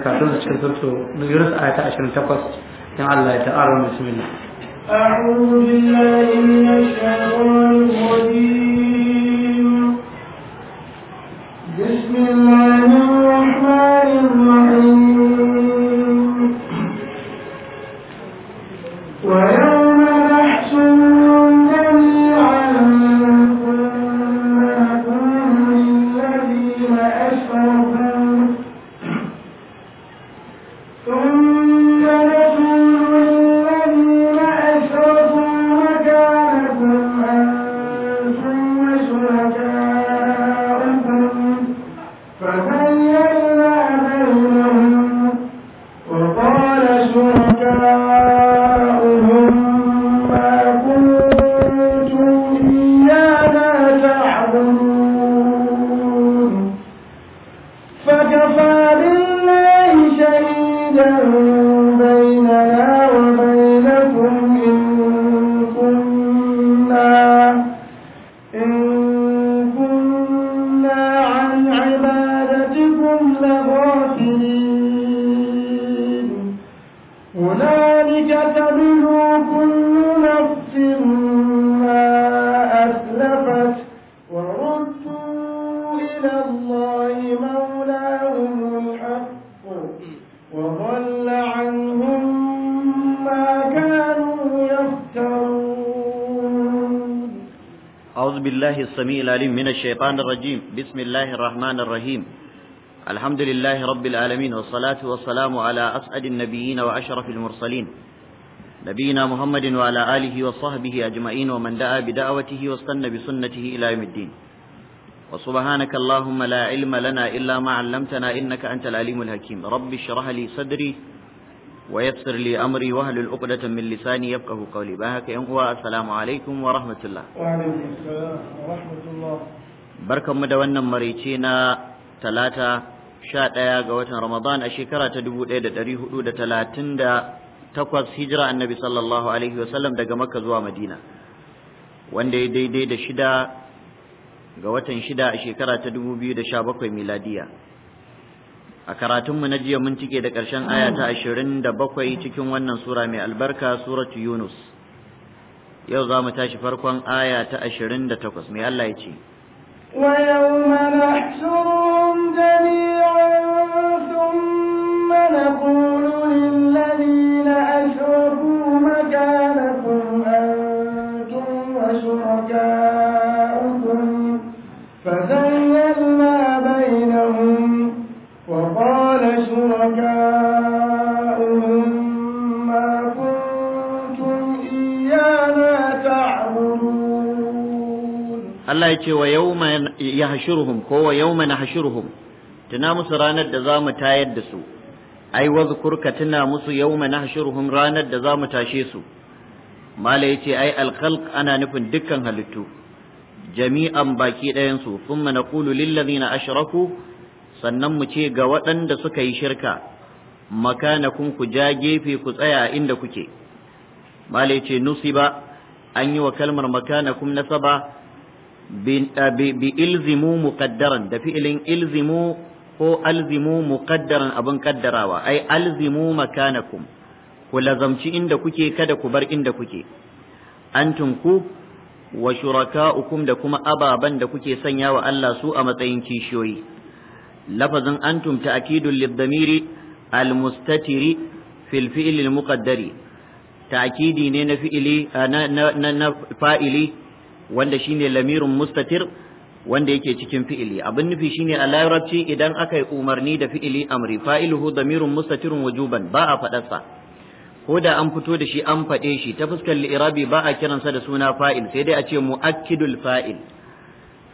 tashi kafin su cikin surtu Yunus aya ta 28 in Allah ya ta'ara bismillah السميع العليم من الشيطان الرجيم بسم الله الرحمن الرحيم الحمد لله رب العالمين والصلاة والسلام على أسعد النبيين وأشرف المرسلين نبينا محمد وعلى آله وصحبه أجمعين ومن دعا بدعوته واستنى بسنته إلى يوم الدين وسبحانك اللهم لا علم لنا إلا ما علمتنا إنك أنت العليم الحكيم رب اشرح لي صدري ويسر لي أمري وهل العقدة من لساني يفقه قولي باهك ينقوى السلام عليكم ورحمة الله وعليكم السلام ورحمة الله بركة مدونا مريتينا ثلاثة شاء ɗaya ga watan Ramadan a shekara ta dubu ɗaya da ɗari hudu da talatin da takwas hijira annabi sallallahu alaihi daga Makka zuwa Madina wanda ya daidai da shida ga watan shida a shekara ta dubu biyu sha bakwai miladiya a karatunmu na jiya mun cike da ƙarshen aya ta ashirin da bakwai cikin wannan sura mai albarka suratu yunus yau za mu tashi farkon aya ta ashirin da takwas mai allah ya ce ويوم Allah ya ce wa yawma yahshuruhum ko wa yawma nahshuruhum tuna musu ranar da za mu tayar da su ai wazkur ka tuna musu yawma nahshuruhum ranar da za mu tashe su mala ya ce ai alkhalq ana nufin dukkan halittu jami'an baki ɗayan su thumma kulu lil ladzina ashraku sannan mu ce ga waɗanda suka yi shirka makanakun ku ja gefe ku tsaya inda kuke mala ya ce nusiba an yi wa kalmar makanakun nasaba Eh, bi ilzimu muqaddaran da fi'ilin ilzimu ko alzimu muƙaddaran abin ƙaddarawa. ai alzimu makanakum ku lazamci inda kuke kada ku bar inda kuke Antun ku wa shuraka'ukum da kuma ababan da kuke sanya wa Allah su a matsayin kishiyoyi lafazin antum ta'kidul lidamiri almustatiri fil fi'l almuqaddari ta'kidi ne na fi'ili eh, na fa'ili wanda shine lamirun mustatir wanda yake cikin fi'ili abin nufi shine a larabci idan aka yi umarni da fi'ili amri fa'iluhu damirun mustatirun wajuban ba a faɗarsa ko da an fito da shi an faɗe shi ta fuskar li'irabi ba a kiransa da suna fa'il sai dai a ce mu'akkidul fa'il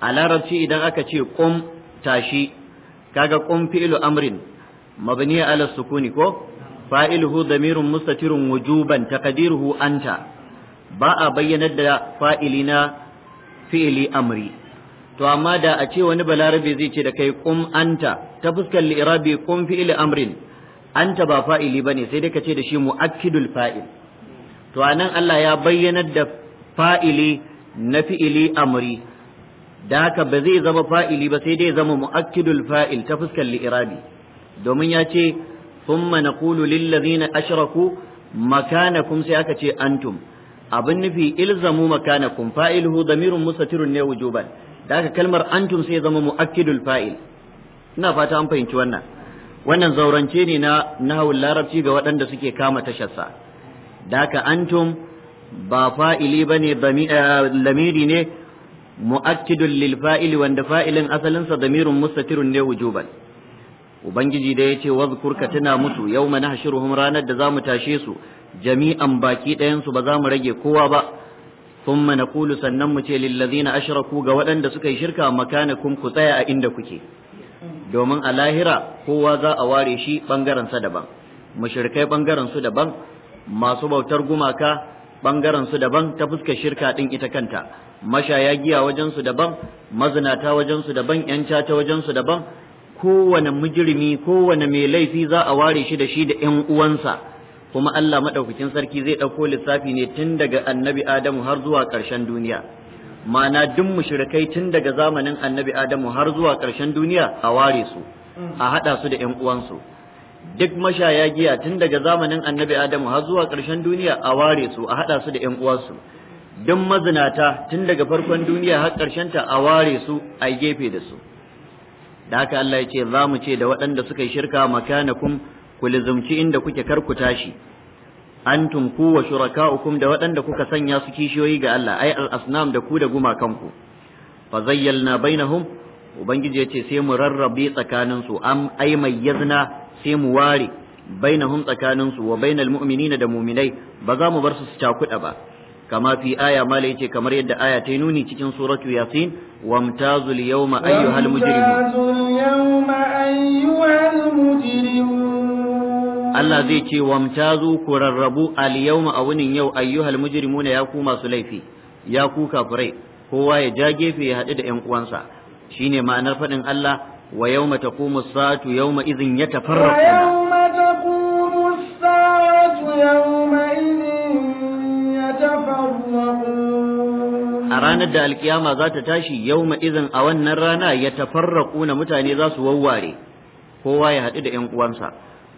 a larabci idan aka ce qum tashi kaga kun fi'ilu amrin mabniya ala sukuni ko fa'iluhu damirun mustatirun wujuban taqdiruhu anta ba a bayyanar da na. fi'li amri to amma da a ce wani balarabe zai ce da kai kum anta ta fuskar li'irabi kum fi'li amrin anta ba fa'ili bane sai dai ka ce da shi mu'akkidul fa'il to anan Allah ya bayyanar da fa'ili na fi'ili amri da haka ba zai zama fa'ili ba sai dai zama mu'akkidul fa'il ta fuskar li'irabi domin ya ce thumma naqulu lil ladzina ashraku makanakum sai aka ce antum abin nufi ilzamu makanakum fa'iluhu damirun mustatirun ne wujuban da haka kalmar antum sai zama muakkidul fa'il ina fata an fahimci wannan wannan zaurance ne na nahawul larabci ga waɗanda suke kama tasharsa da haka antum ba fa'ili bane eh, lamiri ne muakkidul lil fa'ili wanda fa'ilin asalinsa damirun mustatirun ne wujuban ubangiji da ce wazkur ka tuna musu yawma nahshuruhum ranar da zamu tashe su jami'an baki ɗayan su ba za mu rage kowa ba thumma naqulu sannan mu ce lil ashira ku ga waɗanda suka yi shirka makanakum ku tsaya a inda kuke domin a lahira kowa za a ware shi bangaren sa daban mushrikai bangaren su daban masu bautar gumaka bangaren su daban ta fuska shirka din ita kanta mashaya giya wajen su daban mazinata wajen su daban yan caca wajen su daban kowane mujirmi kowane mai laifi za a ware shi da shi da ƴan uwansa kuma Allah madaukakin sarki zai ɗauko lissafi ne tun daga annabi Adamu har zuwa ƙarshen duniya ma'ana duk mushrikai tun daga zamanin annabi Adamu har zuwa ƙarshen duniya a ware su a haɗa su da ƴan uwansu duk mashaya giya tun daga zamanin annabi Adamu har zuwa ƙarshen duniya a ware su a haɗa su da ƴan uwansu duk mazinata tun daga farkon duniya har ƙarshen ta a ware su a gefe da su da haka Allah ya ce za mu ce da waɗanda suka yi shirka makanakum ku lizumci inda kuke kar ku tashi antum ku wa shuraka'ukum da waɗanda kuka sanya su kishiyoyi ga Allah ai al asnam da ku da gumakanku fa zayyalna bainahum ubangiji ya ce sai mu rarrabe tsakanin su am ai mayyazna sai mu ware bainahum tsakanin su wa bainal mu'minina da mu'minai ba za mu bar su su cakuɗa ba kama fi aya mala yace kamar yadda aya ta nuni cikin suratu yasin wamtazul yawma ayyuhal mujrimun Allah zai ce wamtazu ku rarrabu al yawma a wunin yau ayyuhal mujrimuna ya ku masu laifi ya ku kafirai kowa ya ja gefe ya haɗu da 'yan uwansa shine ma'anar faɗin Allah wa yawma taqumu as-saatu yawma idhin yatafarraquna a ranar da alkiyama za ta tashi ma izin a wannan rana ya tafarraku na mutane za su wawware kowa ya haɗu da 'yan uwansa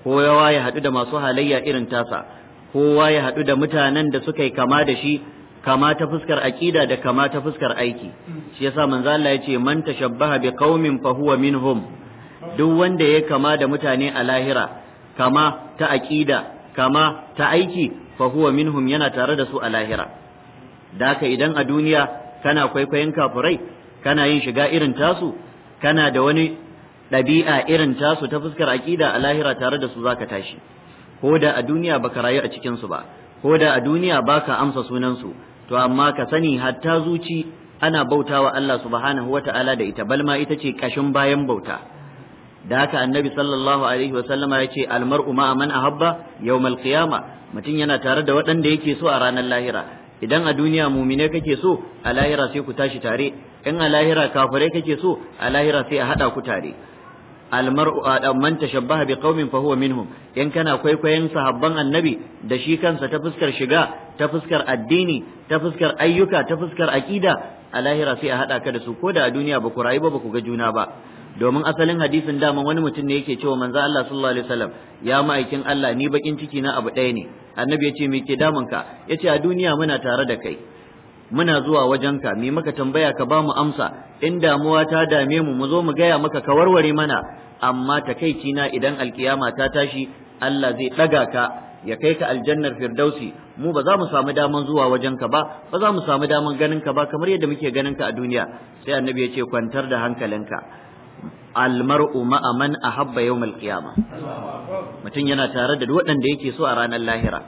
kowa ya haɗu da masu halayya irin tasa kowa ya haɗu da mutanen da suka yi kama da shi kama ta fuskar aƙida da kama ta fuskar aiki shi yasa manzo Allah yace man tashabbaha bi qaumin fa huwa minhum duk wanda ya kama da mutane a lahira kama ta aƙida kama ta aiki fa huwa yana tare da su a lahira Daka idan a duniya kana kwaikwayon kafurai kana yin shiga irin tasu kana da wani ɗabi'a irin tasu ta fuskar aƙida a lahira tare da su zaka tashi ko da a duniya baka rayu a cikin su ba ko da a duniya baka amsa sunan su to amma ka sani hatta zuci ana bautawa Allah subhanahu wata'ala da ita balma ita ce kashin bayan bauta da haka annabi sallallahu alaihi wa sallama ya ce almar'u ma'a man ahabba yawmal qiyama mutum yana tare da waɗanda yake so a ranar lahira idan a duniya mumine kake so a lahira sai ku tashi tare in a lahira kafirai kake so a lahira sai a hada ku tare almar'u man tashabbaha qaumin fa huwa minhum in kana kwaikwayon sahabban annabi da shi kansa ta fuskar shiga ta fuskar addini ta fuskar ayyuka ta fuskar aqida a lahira sai a hada ka da su ko da a duniya ba ku rayu ba ba ku ga juna ba domin asalin hadisin dama wani mutum ne yake cewa manzo Allah sallallahu alaihi wasallam ya ma'aikin Allah ni bakin ciki na abu ɗaya ne annabi ya ce me ke damun ka yace a duniya muna tare da kai muna zuwa wajen ka, mi maka tambaya ka ba mu amsa in damuwa ta dame mu mu zo mu gaya maka ka warware mana amma takaici na idan alkiyama ta tashi Allah zai ɗaga ka ya kai ka aljannar firdausi mu ba za mu samu daman zuwa wajenka ba ba za mu samu daman ka ba kamar yadda muke ganinka a duniya sai annabi ya ce kwantar da hankalinka almar'u ma'a man habba yawmal qiyama mutum yana tare da waɗanda yake so a ranar lahira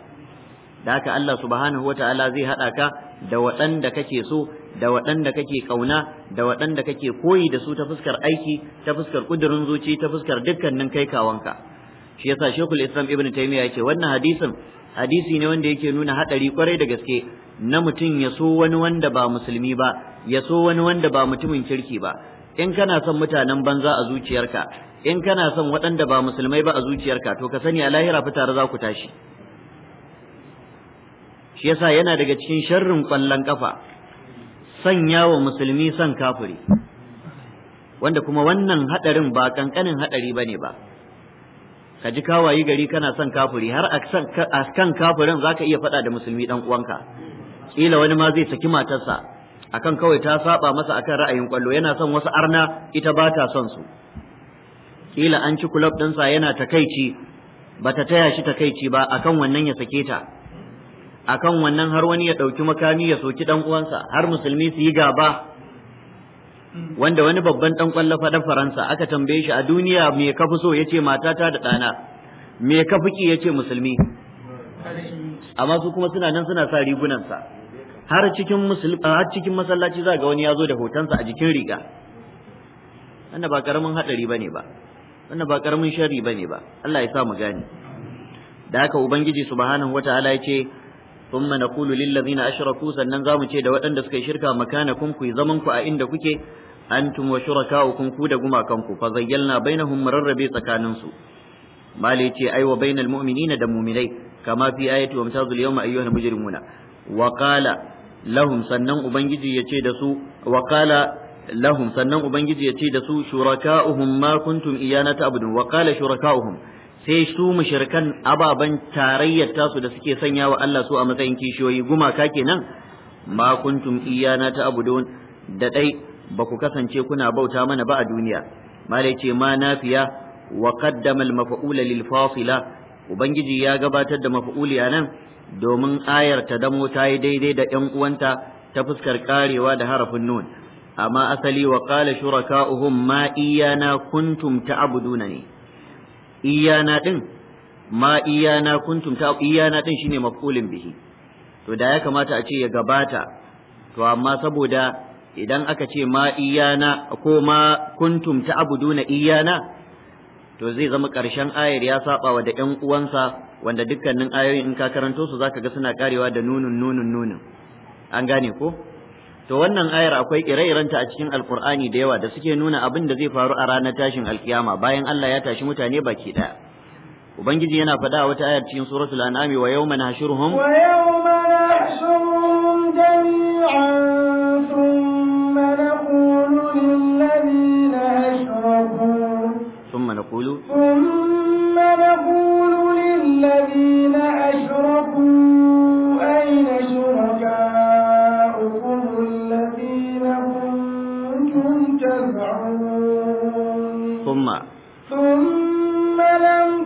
da haka Allah subhanahu wata'ala zai haɗa ka da waɗanda kake so da waɗanda kake kauna da waɗanda kake koyi da su ta fuskar aiki ta fuskar kudurin zuci ta fuskar dukkanin kai kawanka shi yasa shekul Islam Ibn Taymiyyah yake wannan hadisin hadisi ne wanda yake nuna hadari kwarai da gaske na mutum ya so wani wanda ba musulmi ba ya so wani wanda ba mutumin kirki ba in kana son mutanen banza a zuciyarka in kana son waɗanda ba musulmai ba a zuciyarka to ka sani a lahira fi tare za ku tashi shi yasa yana daga cikin sharrin ƙwallon ƙafa sanya wa musulmi son kafiri wanda kuma wannan haɗarin ba ƙanƙanin haɗari ba ne ba ka ji kawayi gari kana son kafuri har a kan kafirin za ka iya faɗa da musulmi ɗan uwanka ƙila wani ma zai saki matarsa akan kawai ta saba masa akan ra'ayin kwallo yana son wasu arna ita ba ta son su kila an ci kulob sa yana takaici bata taya shi takaici ba akan wannan ya sake ta akan wannan har wani ya ɗauki makami ya soki ɗan uwansa har musulmi su yi gaba wanda wani babban ɗan fa dan faransa aka tambaye shi a duniya me ka fi so yace matata da dana me ka fi ki yace musulmi amma su kuma suna nan suna sa rigunansa har cikin har cikin masallaci za ga wani yazo zo da hotonsa a jikin riga wannan ba karamin hadari bane ba wannan ba karamin sharri bane ba Allah ya sa mu gane da haka ubangiji subhanahu wataala ya ce thumma naqulu lil ladzina ashraku sannan zamu ce da waɗanda suka yi shirka makanakum ku zaman ku a inda kuke antum wa shurakaukum ku da gumakanku fa zayyalna bainahum mararrabi tsakanin su mali ce ai wa bainal mu'minina da mu'minai kama fi ayati wa mutazil yawma ayyuhal mujrimuna wa qala lahum sannan ubangiji ya ce da su wa qala lahum sannan ubangiji ya ce da su shuraka'uhum ma kuntum iyana ta'budun wa qala shuraka'uhum sai su mushrikan ababan tarayyar tasu da suke sanya wa Allah su a matsayin kishiyoyi gumaka kenan ma kuntum iyana ta'budun da dai ba ku kasance kuna bauta mana ba a duniya malai ce ma nafiya wa qaddama al-maf'ula lil fasila ubangiji ya gabatar da maf'uli nan domin ayar ta damo ta yi daidai da ‘yan uwanta ta fuskar karewa da harafin nun amma asali wa qala shuraka'uhum ma iyana kuntum ta'buduna ne iyana din ma iyana kuntum ta iyana din shine maf'ulin bihi to da ya kamata a ce ya gabata to amma saboda idan aka ce ma iyana ko ma kuntum ta'buduna iyana to zai zama ƙarshen ayar ya saba wa da ƴan uwansa wanda dukkanin ayoyin in ka karanto su zaka ga suna karewa da nunun nunun nunun an gane ko to wannan ayar akwai ire-irenta a cikin alkur'ani da yawa da suke nuna abin da zai faru a ranar tashin alkiyama bayan Allah ya tashi mutane baki daya ubangiji yana faɗa a wata ayar cikin suratul an'ami wa yawma nahshuruhum wa yawma nahshuruhum jami'an thumma naqulu lil ladina ashraku thumma naqulu thumma naqulu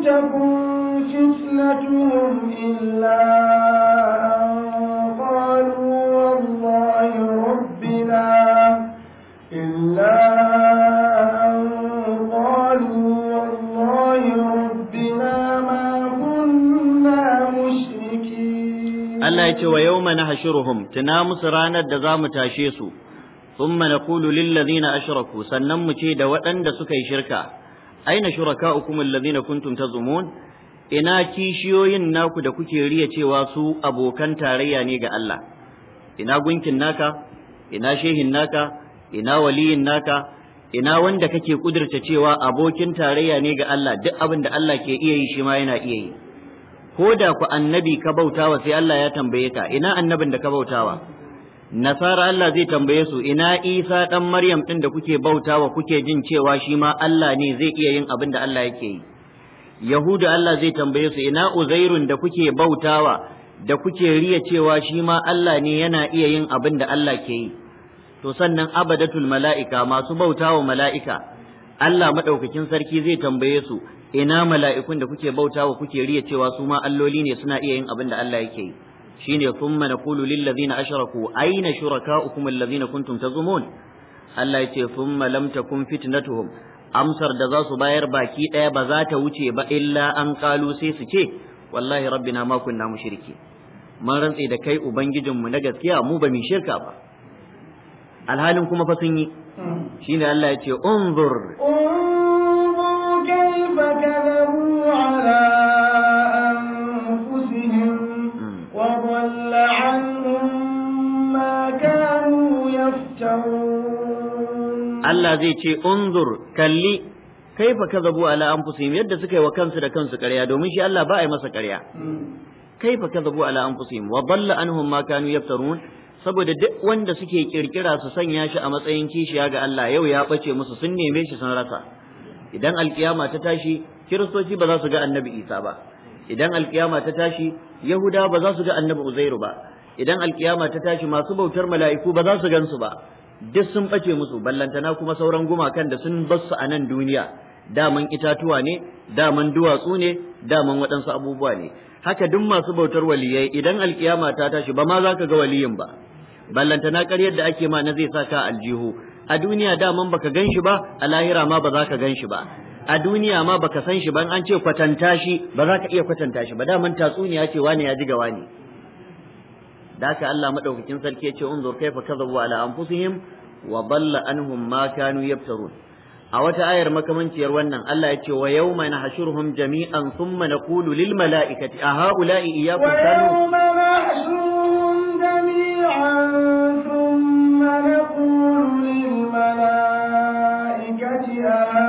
تكن فتنتهم إلا Allah ya ce wa yau mana hashiruhum tuna musu ranar da za mu tashe su, sun mana kulu lillazina ashiraku sannan mu ce da waɗanda suka yi shirka. aina shuraka'ukum alladhina kuntum tazumun ina kishiyoyin naku da kuke riya cewa su abokan tarayya ne ga Allah ina gunkin naka ina shehin naka ina waliyin naka ina wanda kake kudirta cewa abokin tarayya ne ga Allah duk abin da Allah ke iya yi shi ma yana iya yi ko da ku annabi ka bautawa sai Allah ya tambaye ka ina annabin da ka bautawa nasara Allah zai tambaye su ina isa ɗan maryam ɗin da kuke bautawa kuke jin cewa shi ma Allah ne zai iya yin abin da Allah yake yi yahuda Allah zai tambaye su ina uzairun da kuke bautawa da kuke riya cewa shi ma Allah ne yana iya yin abin da Allah ke yi to sannan abadatul mala'ika masu bautawa mala'ika Allah madaukakin sarki zai tambaye su ina mala'ikun da kuke bautawa kuke riya cewa su ma alloli ne suna iya yin abin da Allah yake yi shine thumma naqulu lil ladzina ashraku aina shurakaukum alladzina kuntum tazumun Allah yace ce thumma lam takun fitnatuhum amsar da za su bayar baki daya ba za ta wuce ba illa an kalu sai su ce wallahi rabbina ma kunna mushriki mun rantse da kai ubangijinmu na gaskiya mu ba mu shirka ba alhalin kuma fa sun yi shine Allah ce unzur unzur kayfa kadabu ala Allah zai ce, يفترون الله زي تي kansu كلي كيف كذبوا على أنفسهم يد سكي وكنس دا كنس كريا دومشي الله باعي مسا كريا كيف كذبوا wa أنفسهم وضل عنهم ما كانوا يفترون saboda duk wanda suke kirkira su sanya shi a matsayin kishiya ga Allah yau ya ɓace musu sun neme shi sun rasa idan alkiyama ta tashi kiristoci ba za su ga annabi Isa ba idan alkiyama ta tashi yahuda ba za su ga annabi Uzairu ba idan alkiyama ta tashi masu bautar mala'iku ba za su gansu ba duk sun bace musu ballantana kuma sauran gumakan da sun basu a nan duniya daman itatuwa ne daman duwatsu ne daman waɗansu abubuwa ne haka duk masu bautar waliyai idan alkiyama ta tashi ba ma za ka ga waliyin ba ballantana ƙaryar da ake ma na zai sa ka aljihu a duniya daman baka gan shi ba a lahira ma ba za ka gan shi ba a duniya ma baka san shi ba an ce kwatanta shi ba za ka iya kwatanta shi ba daman tatsuniya ce wani ya ji ga wani da Allah madaukakin sarki ya ce unzur kaifa kadhabu ala anfusihim wa dalla anhum ma kanu yaftarun a wata ayar makamanciyar wannan Allah ya ce wa yawma nahshuruhum jami'an thumma naqulu lil mala'ikati a haula'i iyyakum kanu wa yawma nahshuruhum jami'an thumma naqulu lil mala'ikati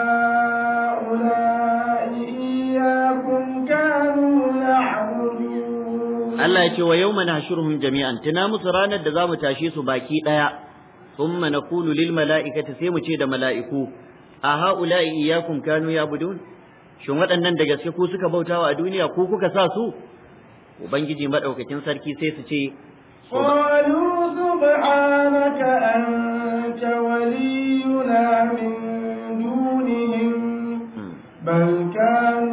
Allah ya ce wa mana nahshuruhum jami'an tuna musu ranar da zamu tashe su baki ɗaya thumma naqulu lil mala'ikata sai mu ce da mala'iku a haula'i iyyakum kanu budu shin waɗannan da gaske ku suka bautawa a duniya ko kuka sa su ubangiji maɗaukacin sarki sai su ce قالوا سبحانك أنت ولينا من دونهم بل كانوا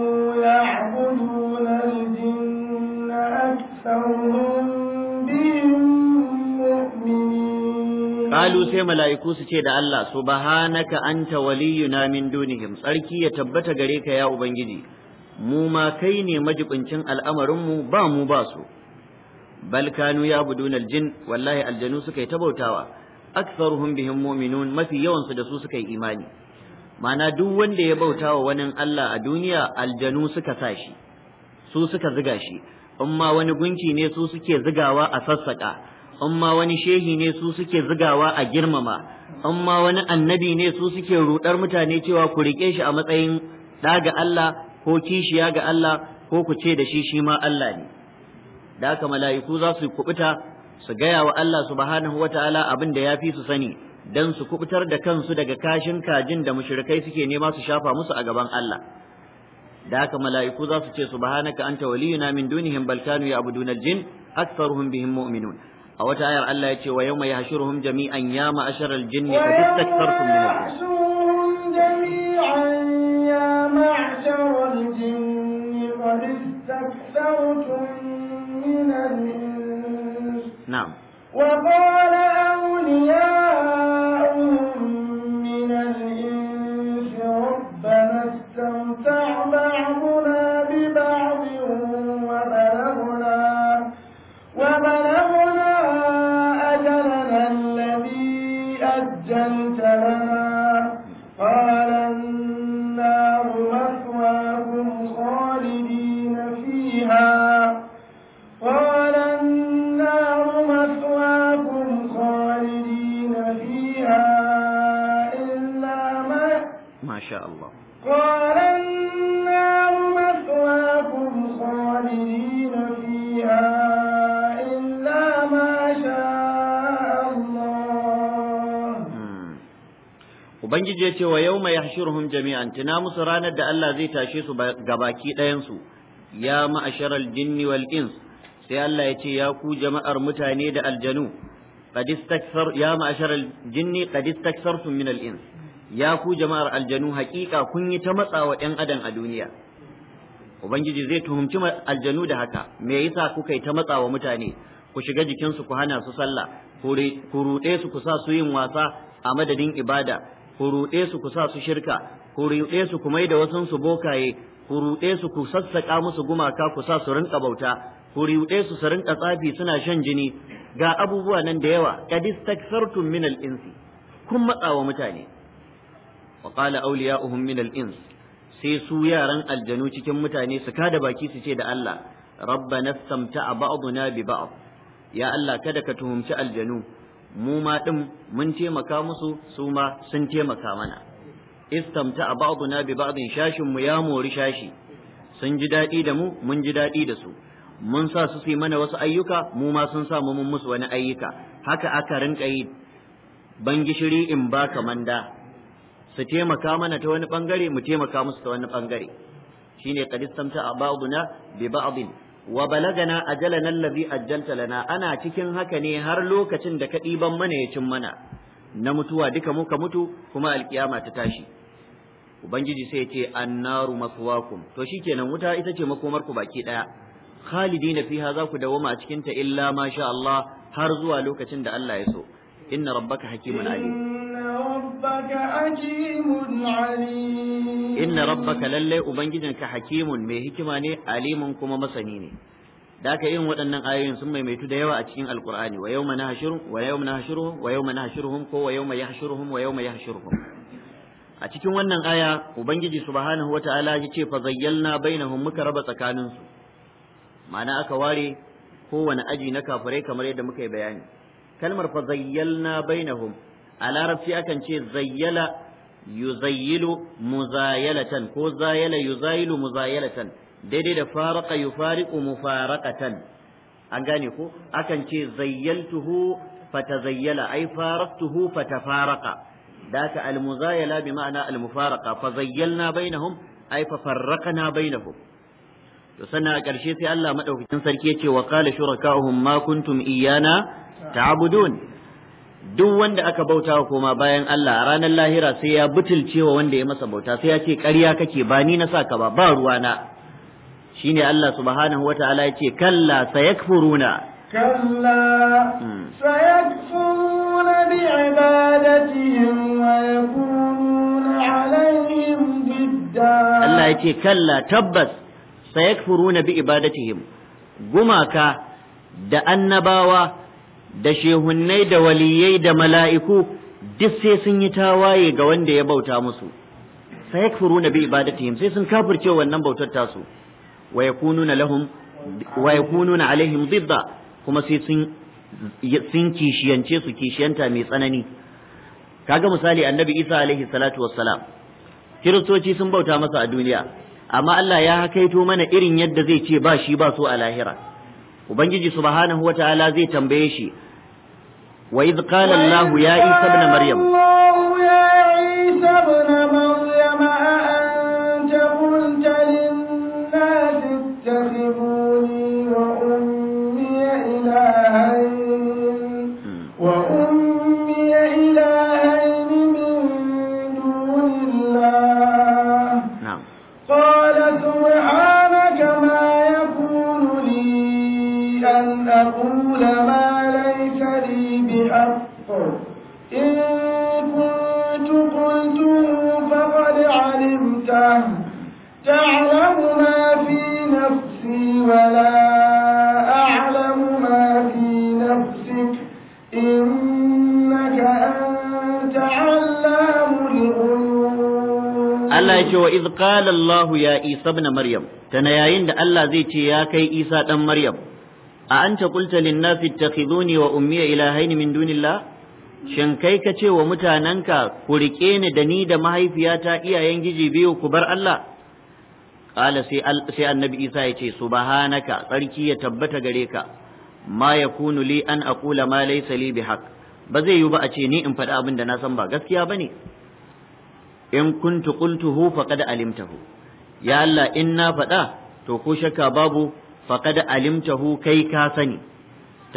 Kalu sai mala'iku su ce da Allah, su Subhanaka anta waliyuna min dunihim, tsarki ya tabbata gare ka ya Ubangiji, mu ma kai ne majibincin al'amarinmu ba mu ba su. Bal kanu ya budun wallahi aljanu suka yi tabautawa, aksaruhum bihim mu'minun mafi yawansu da su suka yi imani. Mana duk wanda ya bautawa wani Allah a duniya aljanu su suka ziga shi. in ma wani gunki ne su suke zigawa a sassaka in ma wani shehi ne su suke zigawa a girmama in ma wani annabi ne su suke rudar mutane cewa ku riƙe shi a matsayin ɗa ga Allah ko kishiya ga Allah ko ku ce da shi shi ma Allah ne da haka mala'iku za su kubuta su gaya wa Allah subhanahu wataala abin da ya fi su sani dan su kubutar da kansu daga kashin kajin da mushrikai suke nema su shafa musu a gaban Allah da haka mala'iku za su ce subhanaka anta waliyuna min dunihim bal kanu ya'buduna al-jin aktharuhum bihim mu'minun a wata ayar Allah ya ce wa yawma yahshuruhum jami'an ya ma'ashar al-jinn qad istakthartum min al-jinn وقال أولياؤهم ما شاء الله قال النار مثواكم خالدين فيها إلا ما شاء الله Ubangiji ya ce wa yau mai yahshuruhum jami'an tuna musu ranar da Allah zai tashe su gabaki ɗayansu ya ma'asharar jinni wal ins sai Allah ya ce ya ku jama'ar mutane da aljanu ya ma'asharar jinni qad istakthartum min al ins ya ku jama'ar aljanu haƙiƙa kun yi ta matsawa ‘yan adam a duniya ubangiji zai tuhumci aljanu da haka me yasa kuka yi ta matsawa mutane ku shiga jikinsu ku hana su sallah ku ruɗe su ku sa su yin wasa a madadin ibada ku ruɗe su ku sa su shirka ku ruɗe su ku mai da wasan su bokaye ku ruɗe su ku sassaƙa musu gumaka ku sa su rinka bauta ku ruɗe su su rinka tsafi suna shan jini ga abubuwa nan da yawa kadis taksartum min al-insi kun matsawa mutane wa qala awliya'uhum min al-ins sai su yaran aljanu cikin mutane su kada baki su ce da Allah rabbana istamta'a ba'duna bi ba'd ya Allah kada ka tuhumci aljanu mu ma din mun taimaka musu su ma sun taimaka mana istamta'a ba'duna bi ba'din shashin mu ya mori shashi sun ji daɗi da mu mun ji daɗi da su mun sa su mana wasu ayyuka mu ma sun sa mu mun musu wani ayyuka haka aka rinka yi ban gishiri in ba manda su taimaka mana ta wani bangare mu taimaka musu ta wani bangare shine qad a ba'duna bi ba'din wa balagana ajalana allazi ajjalta lana ana cikin haka ne har lokacin da ka ɗiban mana ya cin mana na mutuwa duka muka mutu kuma alkiyama ta tashi ubangiji sai ya ce annaru maswakum to shikenan wuta ita ce makomar ku baki daya khalidina fiha za ku dawoma a cikin ta illa masha Allah har zuwa lokacin da Allah ya so inna rabbaka hakimun alim ربك حكيم عليم إن ربك للي أبنجدنك حكيم مهكماني عليم كما مسنيني da aka yin waɗannan ayoyin sun maimaitu da yawa a cikin alkur'ani wa yawma nahshuruhum wa yawma nahshuruhum wa yawma nahshuruhum ko wa yawma yahshuruhum wa yawma yahshuruhum a cikin wannan aya ubangiji subhanahu wataala ya ce fa zayyalna bainahum muka raba tsakanin su ma'ana aka ware kowane aji na kafirai kamar yadda muka yi bayani kalmar fa zayyalna bainahum a larabci akan ce zayyala yuzayyilu muzayalatan ko zayala yuzayilu muzayalatan daidai da faraka yufariqu mufaraqatan an gane ko akan ce zayyaltuhu fatazayyala ay faraqtuhu fatafaraqa daka almuzayala bi ma'ana almufaraqa fa zayyalna bainahum ay fa farraqna bainahum to sannan a ƙarshe sai Allah madaukakin sarki yace wa qala shuraka'uhum ma kuntum iyana ta'budun duk wanda aka bauta wa koma bayan Allah a ranar lahira sai ya butulce wa wanda ya masa bauta sai ya ce ƙarya kake ba ni na saka ba ba ruwana shine Allah subhanahu wata'ala ya ce kalla sayakfuruna kalla hmm. sayakfuruna ibadatihim wa yakununa alaihim didda Allah ya ce kalla tabbas sayakfuruna ibadatihim gumaka da annabawa da shehunnai da waliyai da mala'iku duk sai sun yi tawaye ga wanda ya bauta musu furu na bi ibadatihim sai sun kafirce wannan bautar tasu wa ya lahum alaihim didda kuma sai sun sun kishiyance su kishiyanta mai tsanani kaga misali annabi Isa alaihi salatu wassalam kiristoci sun bauta masa a duniya amma Allah ya hakaito mana irin yadda zai ce ba shi ba su a lahira ubangiji subhanahu wataala zai tambaye shi وإذ قال الله يا عيسى ابن مريم الله يا عيسى ابن مريم أأنت قلت للناس وأمي وأمي من دون الله نعم قال سبحانك ما يكون لي أن أقول ما تعلم تعلم ما في نفسي ولا أعلم ما في نفسك إنك أنت علام الغيوب الله يجي وإذ قال الله يا إيسى ابن مريم تنايين ده الله زي يا كي إيسى ابن مريم أأنت قلت للناس اتخذوني وأمي إلهين من دون الله shin kai ka ce wa mutanenka ku riƙe ni da ni da mahaifiyata iyayen giji biyu ku bar Allah qala sai annabi Isa ya ce subhanaka tsarki ya tabbata gare ka ma yakunu li an aqula ma laysa li bihaq ba zai yi ba a ce ni in faɗi abin da na san ba gaskiya bane in kuntu qultuhu faqad alimtahu ya Allah in na faɗa to ko shakka babu faqad alimtahu kai ka sani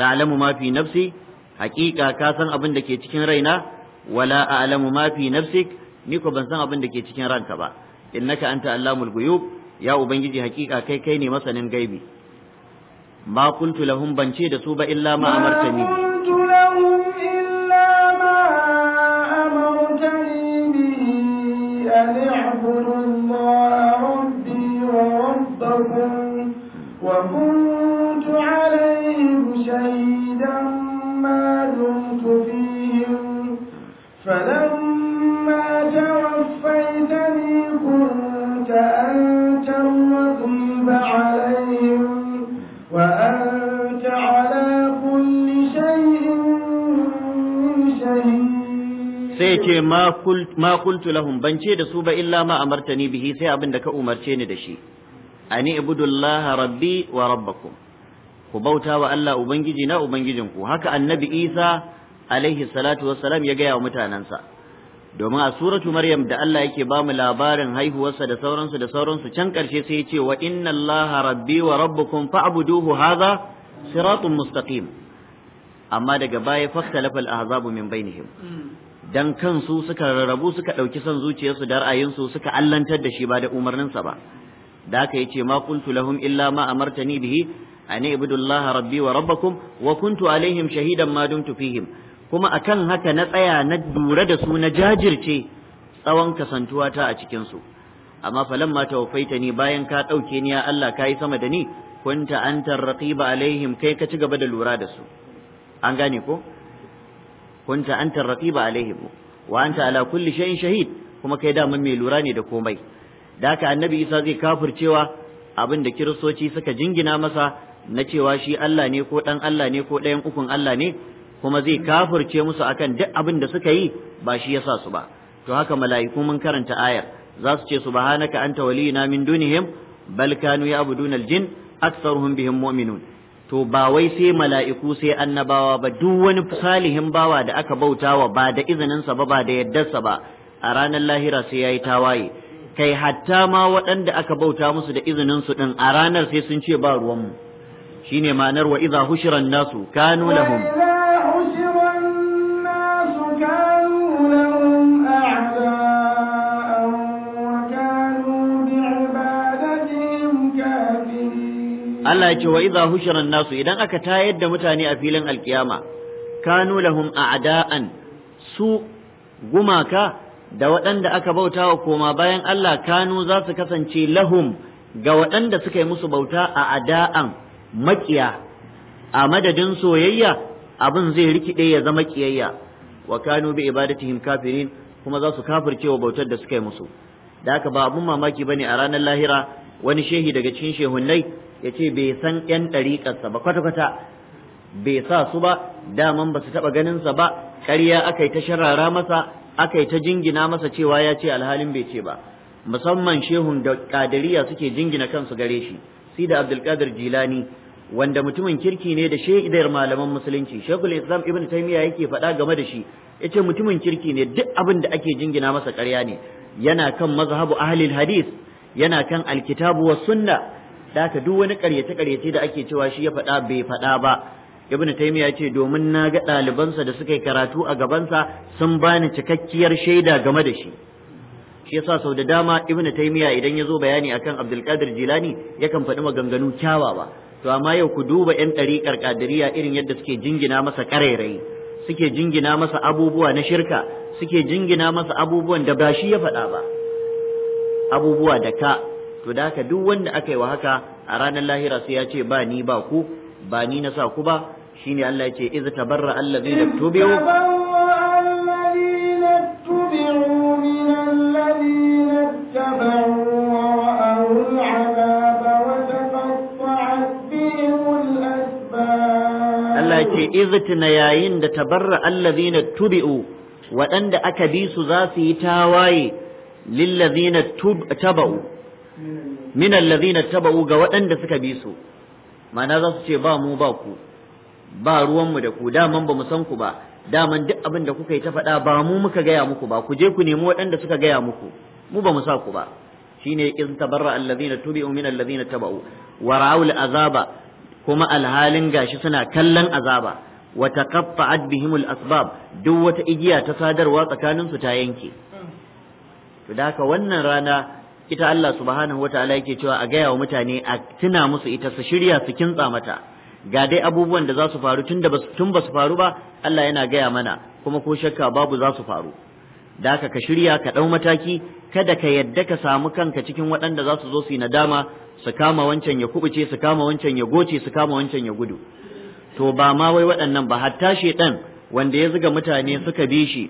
ta'lamu ma fi nafsi haƙiƙa ka san abin da ke cikin raina wala a'lamu ma fi nafsik ni ko ban san abin da ke cikin ranka ba innaka anta allamul ghuyub ya ubangiji haƙiƙa kai kai ne masanin gaibi ma kuntu lahum ban ce da su ba illa ma amartani أن وكنت عليهم شهيدا فلما sai ce ma kultu lahum ban ce da su ba illa ma ni bihi sai abin da ka umarce ni da shi ani ibudullaha rabbi wa rabbakum ku bauta wa Allah ubangiji na ubangijinku haka annabi Isa alaihi salatu wassalam ya gaya wa mutanensa domin a suratu maryam da Allah yake ba mu labarin haihuwarsa da sauransu da sauransu can karshe sai ya ce wa inna allaha rabbi wa rabbukum fa'buduhu hadha siratun mustaqim amma daga baya faktalafa al-ahzabu min bainihim dan kansu suka rarrabu suka ɗauki son zuciyarsu da ra'ayinsu suka allantar da shi ba da umarninsa ba da aka yace ma qultu lahum illa ma amartani bihi ani ibudu rabbi wa rabbakum wa kuntu alaihim shahidan ma dumtu fihim kuma akan haka na tsaya na dura da su na jajirce tsawon kasantuwa ta a cikin su amma ma tawfaita ni bayan ka ɗauke ni ya Allah ka sama da ni kunta antar raqiba alaihim kai ka ci gaba da lura da su an gane ko kunta antar raqiba alaihim wa anta ala kulli shay'in shahid kuma kai da mai lura ne da komai da haka annabi Isa zai kafircewa abin da kiristoci suka jingina masa na cewa shi Allah ne ko dan Allah ne ko ɗayan ukun Allah ne kuma zai kafirce musu akan duk abin da suka yi ba shi yasa su ba to haka mala'iku mun karanta ayar za su ce subhanaka anta waliyuna min dunihim bal kanu ya'buduna aljin aktsaruhum bihim mu'minun to ba wai sai mala'iku sai annabawa ba duk wani salihin bawa da aka bautawa ba da izinin sa ba ba da yaddarsa ba a ranar lahira sai yayi tawaye kai hatta ma waɗanda aka bauta musu da izinin su din a ranar sai sun ce ba ruwan mu shine ma'anar wa iza hushira nasu kanu lahum Allah ya ce wa idza hushira nasu idan aka tayar da mutane a filin alkiyama kanu lahum a'da'an su gumaka da waɗanda aka bauta wa koma bayan Allah kanu za su kasance lahum ga waɗanda suka yi musu bauta a ada'an makiya a madadin soyayya abin zai rikide ya zama kiyayya wa kanu bi ibadatihim kafirin kuma za su kafirce wa bautar da suka yi musu da haka ba abun mamaki bane a ranar lahira wani shehi daga cikin shehunnai ya ce bai san 'yan ɗariƙarsa ba kwata-kwata bai sa su ba daman ba su taɓa ganinsa ba ƙarya aka yi ta sharara masa aka yi ta jingina masa cewa ya ce alhalin bai ce ba musamman shehun da ƙadiriya suke jingina kansu gare shi Si sida abdulkadir jilani wanda mutumin kirki ne da shaidar malaman musulunci shekul islam ibn taymiya yake faɗa game da shi yace mutumin kirki ne duk abin da ake jingina masa ƙarya ne yana kan mazhabu ahlil hadith yana kan alkitabu wa sunna da ka duk wani karyace karyace da ake cewa shi ya faɗa bai faɗa ba ibnu taymiya ce domin na ga ɗalibansa da suka yi karatu a gabansa sun bani cikakkiyar shaida game da shi shi yasa sau da dama ibnu taymiya idan ya zo bayani akan abdulkadir jilani yakan faɗi maganganu kyawawa to amma yau ku duba yan ɗariƙar ƙadiriya irin yadda suke jingina masa ƙarairayi suke jingina masa abubuwa na shirka suke jingina masa abubuwan da ba shi ya faɗa ba abubuwa da ka to da haka duk wanda aka yi wa haka a ranar lahira sai ya ce ba ni ba ku ba ni na sa ku ba shine Allah ya ce iz tabarra allazina tubiu Allah ce iztina yayin da tabarra na tubi'u waɗanda aka bi su za su yi tawaye lillazina tabau min allazina tabau ga waɗanda suka bi su ma'ana za su ce ba mu ba ku ba ruwanmu da ku daman ba mu san ku ba daman duk abin da kuka yi ta faɗa ba mu muka gaya muku ba ku je ku nemi waɗanda suka gaya muku mu ba mu sa ku ba shine in tabarra allazina tubi'u min allazina tabau wa ra'ul azaba kuma alhalin gashi suna kallon azaba wa taqatta'at bihimul asbab duk wata igiya ta sadarwa tsakaninsu ta yanke to da haka wannan rana ita Allah subhanahu wataala yake cewa a gaya wa mutane a tuna musu ita su shirya su kintsa mata ga dai abubuwan da za su faru tun da tun ba faru ba Allah yana gaya mana kuma ko shakka babu za su faru da haka ka shirya ka ɗau mataki kada ka yadda ka samu kanka cikin waɗanda za su zo su yi nadama su kama wancan ya kubuce su kama wancan ya goce su kama wancan ya gudu to ba ma wai waɗannan ba hatta shedan wanda ya zuga mutane suka bi shi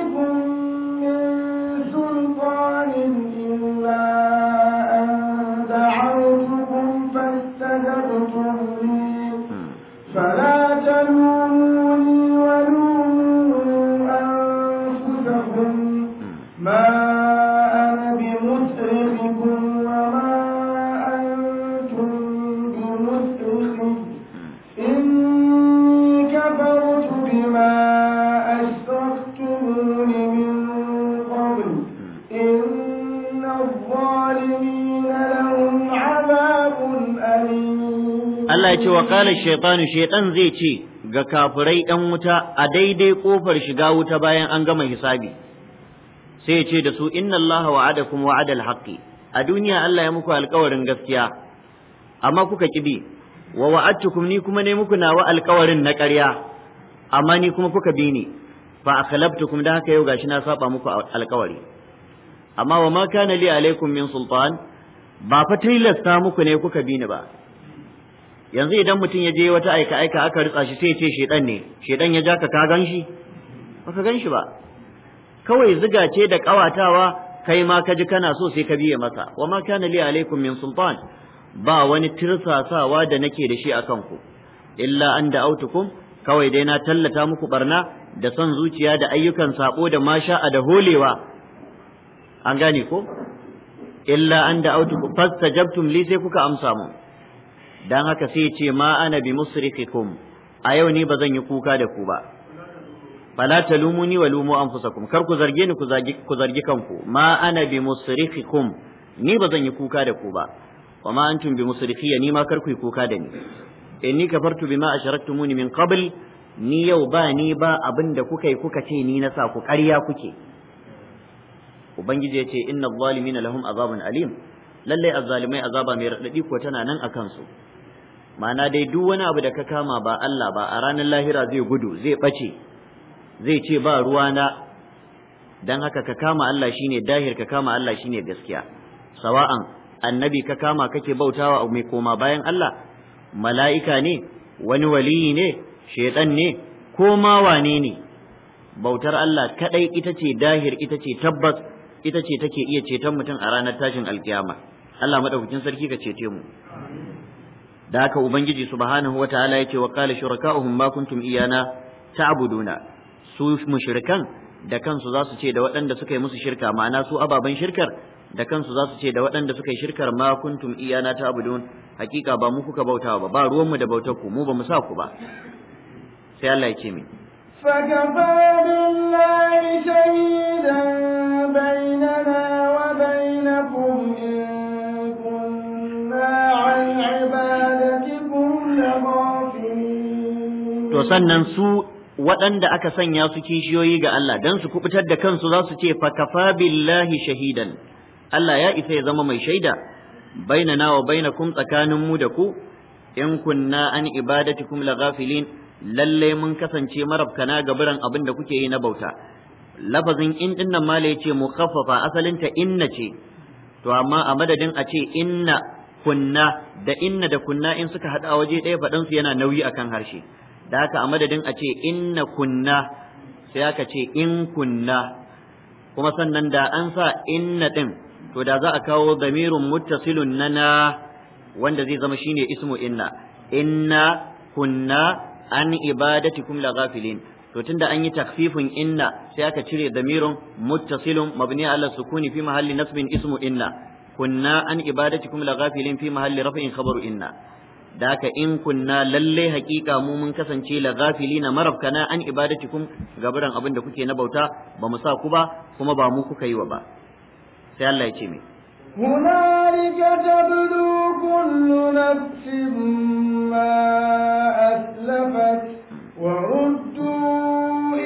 qala shaytanu shaiɗan zai ce ga kafirai ɗan wuta a daidai kofar shiga wuta bayan an gama hisabi sai ya ce da su inna allaha wa'adakum wa'adal haqqi a duniya Allah ya muku alƙawarin gaskiya amma kuka kibi wa wa'adtukum ni kuma ne muku nawa alƙawarin na ƙarya amma ni kuma kuka bi ni fa akhlabtukum da haka yau gashi na saba muku alƙawari amma wa ma kana li alaikum min sultan ba fa tilasta muku ne kuka bi ni ba yanzu idan mutum ya je wata aika aika aka ritsa shi sai ce shedan ne shedan ya ja ka ka gan shi ka gan shi ba kawai ziga ce da kawatawa kai ma ka ji kana so sai ka biye masa wa ma kana li alaikum min sultan ba wani tirsasawa da nake da shi akan ku illa an da autukum kawai dai na tallata muku barna da son zuciya da ayyukan sako da masha'a da holewa an gane ko illa an da autukum fastajabtum li sai kuka amsa mun dan haka sai ce ma ana bi musrifikum a yau ni ba zan yi kuka da ku ba fala talumuni wa lumu anfusakum kar ku zarge ni ku zargi ku zargi kanku ma ana bi musrifikum ni ba zan yi kuka da ku ba wa ma antum bi ni ma kar ku yi kuka da ni inni kafartu bima asharaktumuni min qabl ni yau ba ni ba abin da kuka yi kuka ce ni na sa ku ƙarya kuke ubangiji ya ce inna zalimina lahum azabun alim lallai azzalimai azaba mai raɗaɗi ko tana nan a kansu ma'ana dai duk wani abu da ka kama ba Allah ba a ranar lahira zai gudu zai ɓace zai ce ba ruwa na don haka ka kama Allah shine dahir ka kama Allah shine gaskiya sawa'an annabi ka kama kake bautawa mai koma bayan Allah mala'ika ne wani waliyi ne shaitan ne ko ma wane ne bautar Allah kadai ita ce dahir ita ce tabbas ita ce take iya ceton mutum a ranar tashin alkiyama Allah madaukakin sarki ka cece mu da haka ubangiji subhanahu wataala yake wa qala shuraka'uhum ma kuntum iyana ta'buduna su mushrikan da kansu za su ce da waɗanda suka yi musu shirka ma'ana su ababen shirkar da kansu za su ce da waɗanda suka yi shirkar ma kuntum iyana ta'budun hakika ba mu kuka bautawa ba ba ruwanmu da bautar ku mu ba mu sa ku ba sai Allah ya ce min فكفى بالله شهيدا بيننا to sannan su waɗanda aka sanya su kishiyoyi ga Allah dan su kubutar da kansu za su ce fa kafa billahi shahidan Allah ya isa ya zama mai shaida bainana wa kum tsakanin mu da ku in kunna an ibadatikum laghafilin lalle mun kasance marabkana ga biran abin da kuke yi na bauta lafazin in din nan mala yace mukhaffafa asalinta inna ce to amma a madadin a ce inna kunna da inna da kunna in suka hada waje ɗaya faɗansu yana nauyi akan harshe da haka a madadin a ce inna kunna sai aka ce in kunna kuma sannan da an sa inna din to da za a kawo damirun muttasilun nana wanda zai zama shine ismu inna inna kunna an ibadatikum laghafilin to tunda an yi takfifin inna sai aka cire damirun muttasilun mabni ala sukuni fi mahalli nasbin ismu inna kunna an ibadatikum laghafilin fi mahalli raf'in khabaru inna da haka in kunna lalle hakika mu mun kasance la ghafilina marabkana an ibadatikum gabaran abin da kuke na bauta ba mu sa ku ba kuma ba mu kuka yi wa ba sai Allah ya ce me kullu nafsin ma aslafat wa ruddu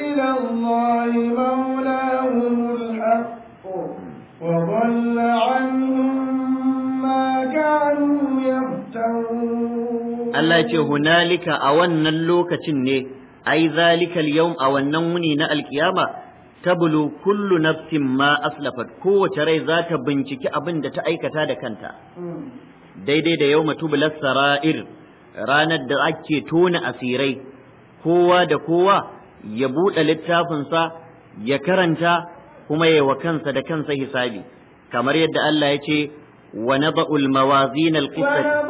ila Allahi الله alhaq wa dhalla anhum Allah ce hunalika a wannan lokacin ne ai zalikal أي a wannan wuni na alkiyama? tabulu kullu nafsin ma aslafat kowace rai za ta binciki abin da ta aikata da kanta hmm. daidai da yawma tubla sara'ir ranar da ake tona asirai kowa da kowa ya buɗe littafinsa ya karanta kuma ya wa kansa da kansa hisabi kamar yadda Allah ya ce ونضع الموازين القسط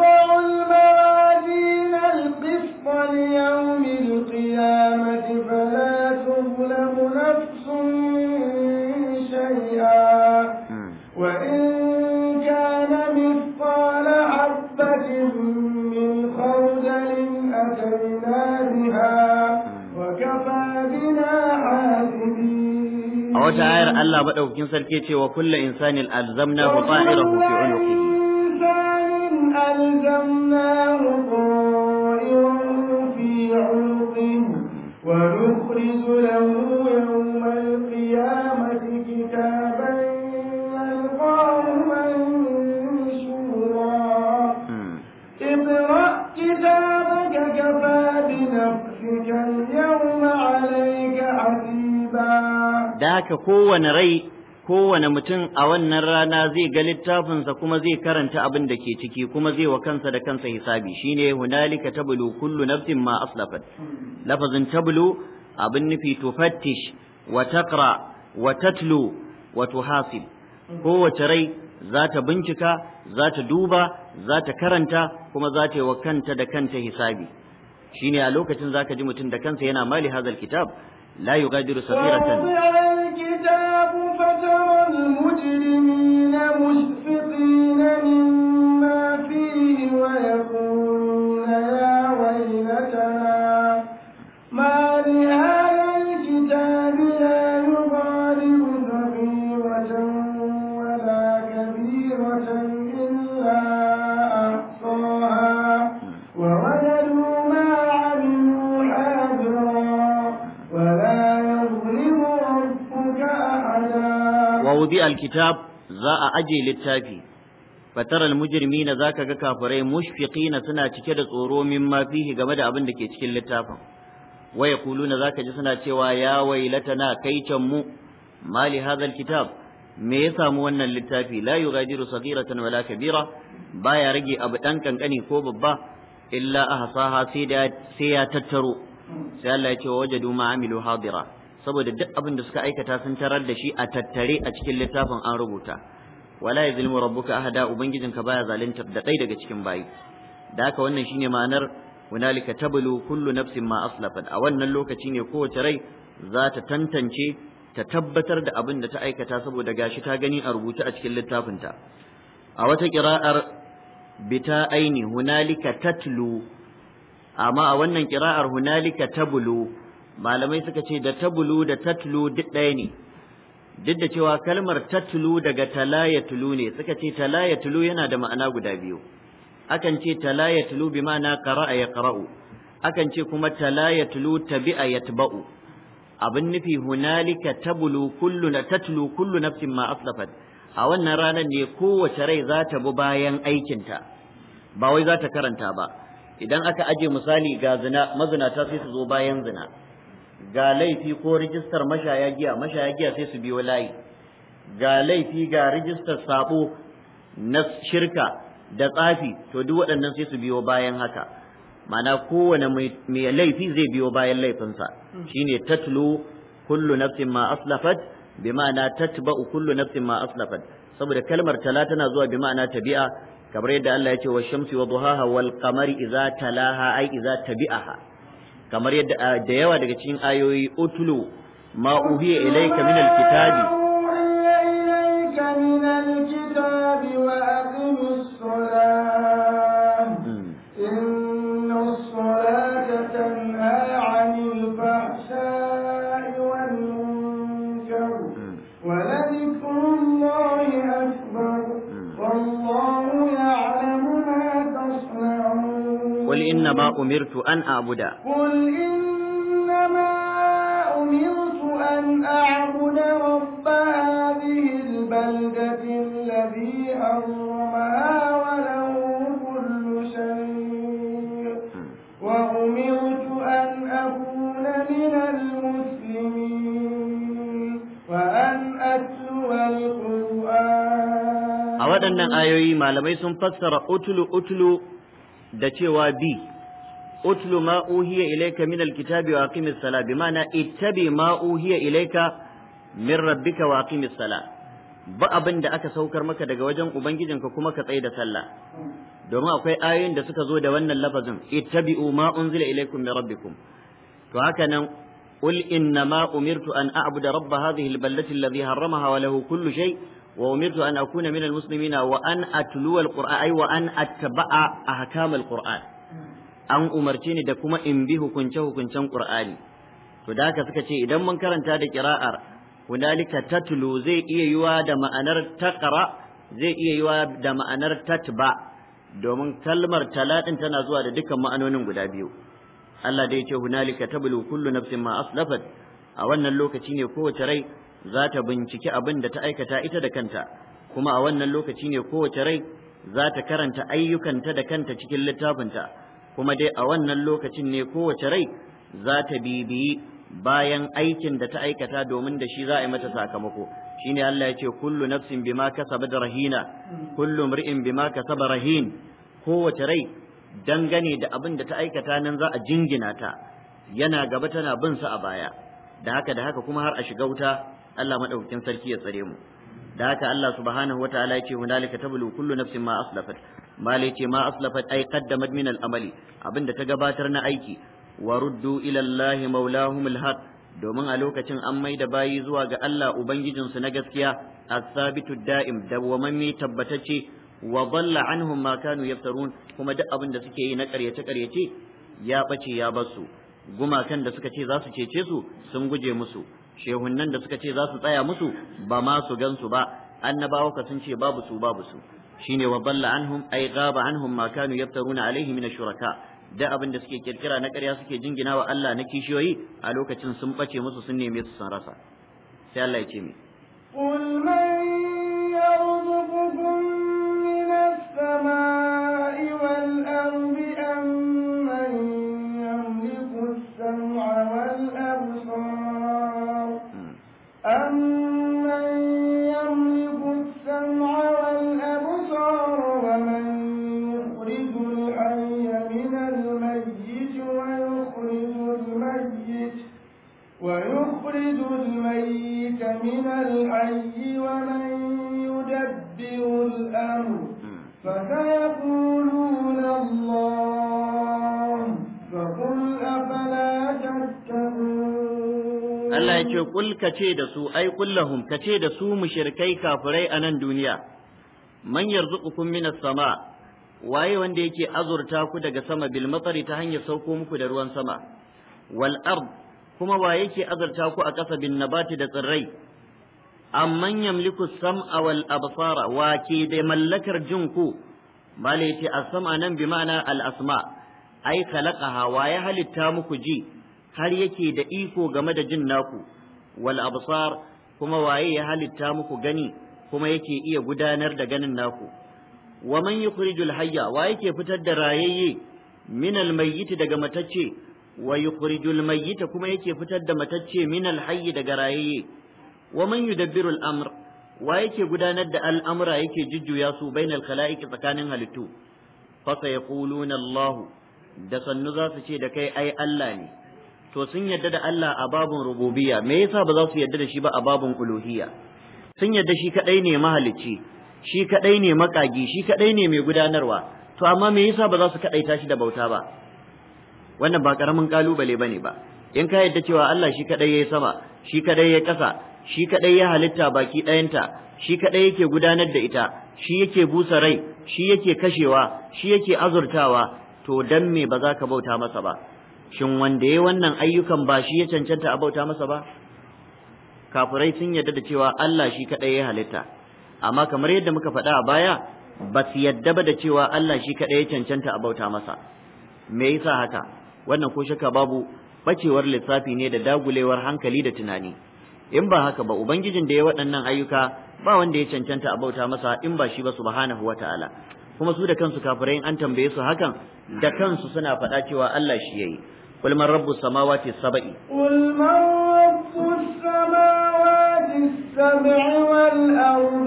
a wata ayar Allah madaukakin sarki وكل wa kullu insanin ta'irahu fi ألزمناه في عنقه ونخرج له يوم القيامة كتابا اقرأ كتابك كفى بنفسك اليوم عليك حسيبا da haka kowane rai kowane mutum a wannan rana zai ga littafinsa kuma zai karanta abin da ke ciki kuma zai wa kansa da kansa hisabi shine hunalika tablu kullu nafsin ma aslafat lafazin tablu abin nufi tufattish wa taqra wa tatlu wa tuhasib kowace rai za ta bincika za ta duba za ta karanta kuma za ta yi wa kanta da kanta hisabi shine a lokacin za ka ji mutum da kansa yana mali hazal kitab لا يغادر صغيرة الكتاب فترى المجرمين مشفقين مما bi alkitab za a aje littafi fataral mujrimina zaka ga kafirai mushfiqina suna cike da tsoro mimma fihi game da abin da ke cikin littafin wa yaquluna zaka ji suna cewa ya kai kaican mu mali hadha alkitab me ya samu wannan littafi la yughadiru saghiratan wala kabira baya rage abu dan kankani ko babba illa ahsaha sai da sai ya tattaro sai Allah ya ce wajadu ma amilu hadira saboda duk abin da suka aikata sun tarar da shi a tattare a cikin littafin an rubuta wala yazlimu rabbuka ahada ubangijinka baya zalunta da daga cikin bayi da haka wannan shine ma'anar hunalika tablu kullu nafsin ma aslafat a wannan lokaci ne kowace rai za ta tantance ta tabbatar da abin da ta aikata saboda gashi ta gani a rubuta a cikin littafin ta. a wata kira'ar bita aini hunalika tatlu amma a wannan kira'ar hunalika tablu malamai suka ce da tabulu da tatlu duk ɗaya ne duk da cewa kalmar tatlu daga talaya tulu ne suka ce talaya tulu yana da ma'ana guda biyu akan ce talaya tulu bi ma'ana qara'a ya qara'u akan ce kuma talaya tulu tabi'a yatba'u abin nufi hunalika tabulu kullu tatlu kullu nafsin ma aslafat a wannan ranar ne kowace rai za ta bi bayan aikinta ba wai za ta karanta ba idan aka aje misali ga zina mazinata sai su zo bayan zina ga laifi ko rijistar mashaya giya mashaya giya sai su biyo layi ga laifi ga rijistar sabo na shirka da tsafi to duk waɗannan sai su biyo bayan haka ma'ana kowane mai laifi zai biyo bayan laifinsa shine tatlu kullu nafsin ma aslafat bi ma'ana tatba'u kullu nafsin ma aslafat saboda kalmar tala tana zuwa bi ma'ana tabi'a kamar yadda Allah ya ce wa shamsi wa duhaha wal qamari idza talaha ai idza tabi'aha kamar yadda da yawa daga cikin ayoyi utlu ma uhiya ilayka min alkitabi قل إنما أمرت أن أعبد قل إنما أمرت أن أعبد رب هذه البلدة الذي أرمها وله كل شيء وأمرت أن أكون من المسلمين وأن أتلو القرآن a waɗannan ayoyi malamai sun fassara utulu utulu da cewa bi utlu ma uhiya ilayka min alkitabi wa aqimis sala bi ma'ana ittabi ma uhiya ilayka min rabbika wa aqimis sala ba abin da aka saukar maka daga wajen ubangijinka kuma ka tsaye da sallah domin akwai ayoyin da suka zo da wannan lafazin ittabi'u ma unzila ilaykum min rabbikum to haka nan qul inna ma umirtu an a'budu da Rabba alballati alladhi harramaha wa lahu kullu shai. وأمرت أن أكون من المسلمين وأن أتلو القرآن أي وأن أتبع أحكام القرآن أن أمرتني دكما إن به كنشه كنشان قرآني فذاك سكتي إذا من كرنت هذه قراءة هنالك تتلو زي إيه يوا دم أنر تقرأ زي إيه يوا دم أنر تتبع domin kalmar talatin tana zuwa da dukkan ma'anonin guda biyu Allah da ya ce hunalika tablu kullu nafsin ma aslafat a wannan lokaci ne kowace rai za ta binciki abin da ta aikata ita da kanta kuma a wannan lokaci ne kowace rai za ta karanta ayyukanta da kanta cikin littafinta kuma dai a wannan lokacin ne kowace rai za ta bibiyi bayan aikin da ta aikata domin da shi za a yi mata sakamako shine Allah ya ce kullu nafsin bima kasabat rahina kullu mri'in bima kasaba rahin kowace rai dangane da abin da ta aikata nan za a jingina ta yana gaba tana bin sa a baya da haka da haka kuma har a shiga wuta Allah madaukakin sarki ya tsare mu da haka Allah subhanahu wataala yace hunalika tablu kullu nafsin ma aslafat mali yace ma aslafat ay qaddamat min al-amali abinda ta gabatar na aiki wa ruddu ila Allah maulahum haq domin a lokacin an mai da bayi zuwa ga Allah ubangijinsu na gaskiya as-sabitu da'im dawwamamme tabbatacce wa dhalla anhum ma kanu yaftarun kuma duk abin da suke yi na ƙaryace ƙaryace ya bace ya basu gumakan da suka ce za su cece su sun guje musu shehunnan da suka ce za su tsaya musu ba ma su gansu ba annabawa ka sun ce babu su babu su shine wa balla anhum ay ghaba anhum ma kanu yaftaruna alaihi min shuraka da abin da suke kirkira na ƙarya suke jingina wa Allah na kishiyoyi a lokacin sun bace musu sun neme su sun rasa sai Allah ya ce mi قل من يرزقكم من السماء ذلك من الحي ومن يدبر الأمر فسيقولون الله فقل أفلا تتقون Allah ya ce kul ka ce da su ai kullahum ka ce da su mushrikai kafirai a nan duniya man yarzuqukum minas sama waye wanda yake azurta ku daga sama bil matsari ta hanyar sauko muku da ruwan sama wal kuma wa yake azarta ku a ƙasa bin nabati da tsirrai amman yamliku sam'a wal absara wa ke da mallakar jin ku bale yace as-sam'a nan bi ma'ana al-asma ai khalaqaha wa ya halitta muku ji har yake da iko game da jin naku wal absar kuma waye ya halitta muku gani kuma yake iya gudanar da ganin naku wa man yukhrijul hayya wa yake fitar da rayayye min al-mayyit daga matacce wa yukhrijul mayyita kuma yake fitar da matacce min alhayyi daga rayaye wa man yudabbiru al-amr wa yake gudanar da al'amura yake jujjuya su bainal khala'iq tsakanin halittu Fasa fa sayaquluna Allah da sannu za su ce da kai ai Allah ne to sun yadda da Allah a babun rububiyya me yasa ba za su yadda da shi ba a babun kuluhiya? sun yadda shi kadai ne mahalicci shi kadai ne makagi shi kadai ne mai gudanarwa to amma me yasa ba za su kadaita shi da bauta ba wannan ba karamin kalubale bane ba in ka yadda cewa Allah shi kadai yayi sama shi kadai yayi kasa shi kadai ya halitta baki ɗayanta shi kadai yake gudanar da ita shi yake busa rai shi yake kashewa shi yake azurtawa to dan me ba za ka bauta masa ba shin wanda yayi wannan ayyukan ba shi ya cancanta a bauta masa ba kafirai sun yadda da cewa Allah shi kadai ya halitta amma kamar yadda muka faɗa a baya ba su yadda ba da cewa Allah shi kadai ya cancanta a bauta masa me yasa haka wannan ko shaka babu bacewar lissafi ne da dagulewar hankali da tunani in ba haka ba ubangijin da ya waɗannan ayyuka ba wanda ya cancanta a bauta masa in ba shi ba subhanahu wata'ala kuma su da kansu kafirai an tambaye su hakan da kansu suna faɗa cewa Allah shi yayi قل من رب السماوات السبع قل من رب السماوات السبع والأرض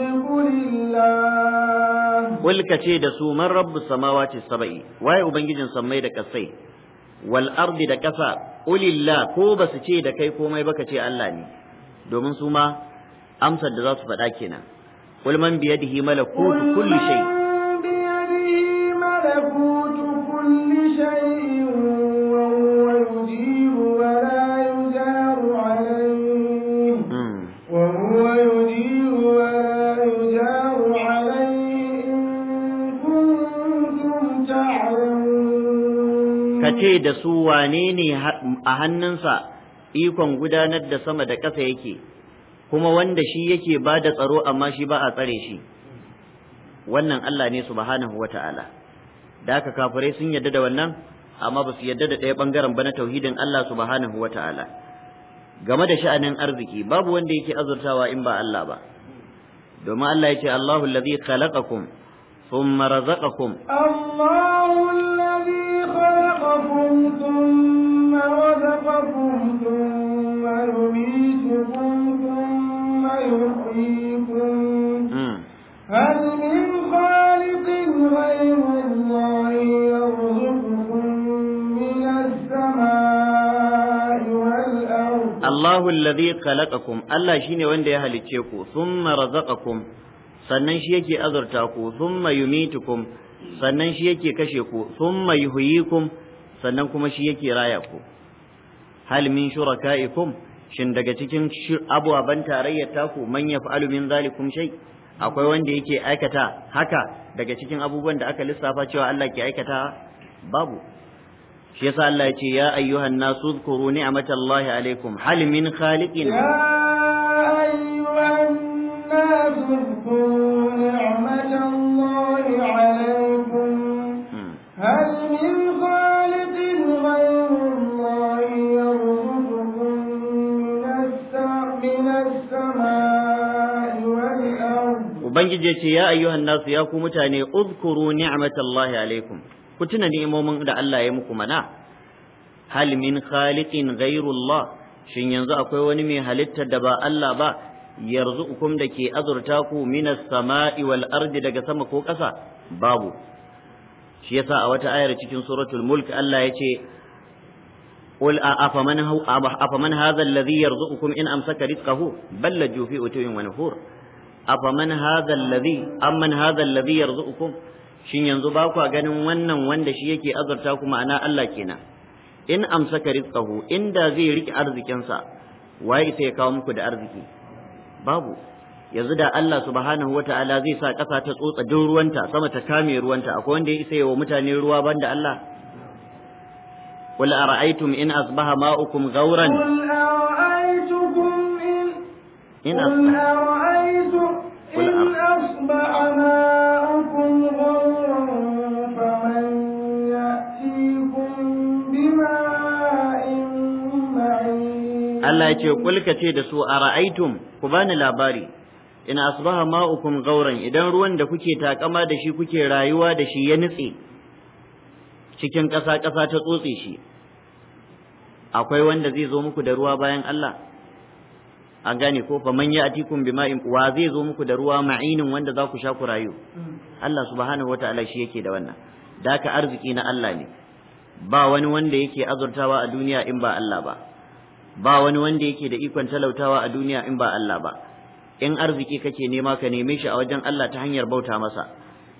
قل kace da su man من samawati sab'i Waye ubangijin samai da kasai wal da ƙasa ulillah ko ba su ce da kai komai ba ka ce Allah ne domin su ma amsar da za su faɗa kenan qul man bi yadihi malakutu kulli shay bi yadihi malakutu kulli shay ce da su wane ne a hannunsa ikon gudanar da sama da ƙasa yake kuma wanda shi yake ba da tsaro amma shi ba a tsare shi wannan Allah ne subhanahu wa ta'ala da aka kafirai sun yadda da wannan amma ba su yadda da ɗaya ɓangaren ba na tauhidin Allah subhanahu wa ta'ala game da sha'anin arziki babu wanda yake azurtawa in ba Allah ba domin Allah ya ce Allahu allazi khalaqakum thumma razaqakum أحياكم ثم رزقكم ثم يميتكم ثم يحييكم هل من خالق غير الله يرزقكم من السماء والأرض الله الذي خلقكم الله شيني وين ده هلتشيكو ثم رزقكم sannan shi yake azurta ku thumma yumitukum sannan shi yake kashe ku thumma yuhyikum sannan kuma shi yake raya ku hal min shuraka'ikum shin daga cikin abubuwan tarayyar taku man yaf'alu min zalikum shay akwai wanda yake aikata haka daga cikin abubuwan da aka lissafa cewa Allah ke aikata babu shi yasa Allah ya ce ya ayyuhan nasu zkuru ni'matallahi alaikum hal min khaliqin ya ubangiji ya ce ya ayyuhan nasu ya ku mutane uzkuru ni'matallahi alaikum ku tuna ni'imomin da Allah ya muku mana hal min khaliqin ghairullah shin yanzu akwai wani mai halittar da ba Allah ba yarzuqukum da ke azurta ku minas sama'i wal ardi daga sama ko ƙasa babu shi yasa a wata ayar cikin suratul mulk Allah ya ce قل أفمن, هو أفمن هذا الذي يرزقكم إن أمسك رزقه بل لجوا في أتو ونفور afaman hadha alladhi amman hadha alladhi yarzuqukum shin yanzu ba kwa ganin wannan wanda shi yake azurta ku ma'ana Allah kenan in amsaka rizqahu inda zai rike arzikinsa waye sai ya kawo muku da arziki babu yanzu da Allah subhanahu wata'ala zai sa ƙasa ta tsotsa duk ruwanta sama ta kame ruwanta akwai wanda ya isa yawa mutane ruwa banda Allah qul ara'aytum in asbaha ma'ukum ghauran in asbaha Allah ya ce kulka ce da su a ra'aitum ku bani labari in asbaha ma'ukum gauran idan ruwan da kuke takama da shi kuke rayuwa da shi ya nutse cikin ƙasa ƙasa ta tsotse shi akwai wanda zai zo muku da ruwa bayan Allah an gane ko fa man ya'tikum bima'in wa zai zo muku da ruwa ma'inin wanda za ku sha ku rayu mm. Allah subhanahu wata'ala shi yake da wannan da arziki na Allah ne ba wani wanda yake azurtawa a duniya in ba Allah ba ba wani wanda yake da ikon talautawa a duniya in ba Allah ba in arziki kake nema ka neme shi a wajen Allah ta hanyar bauta masa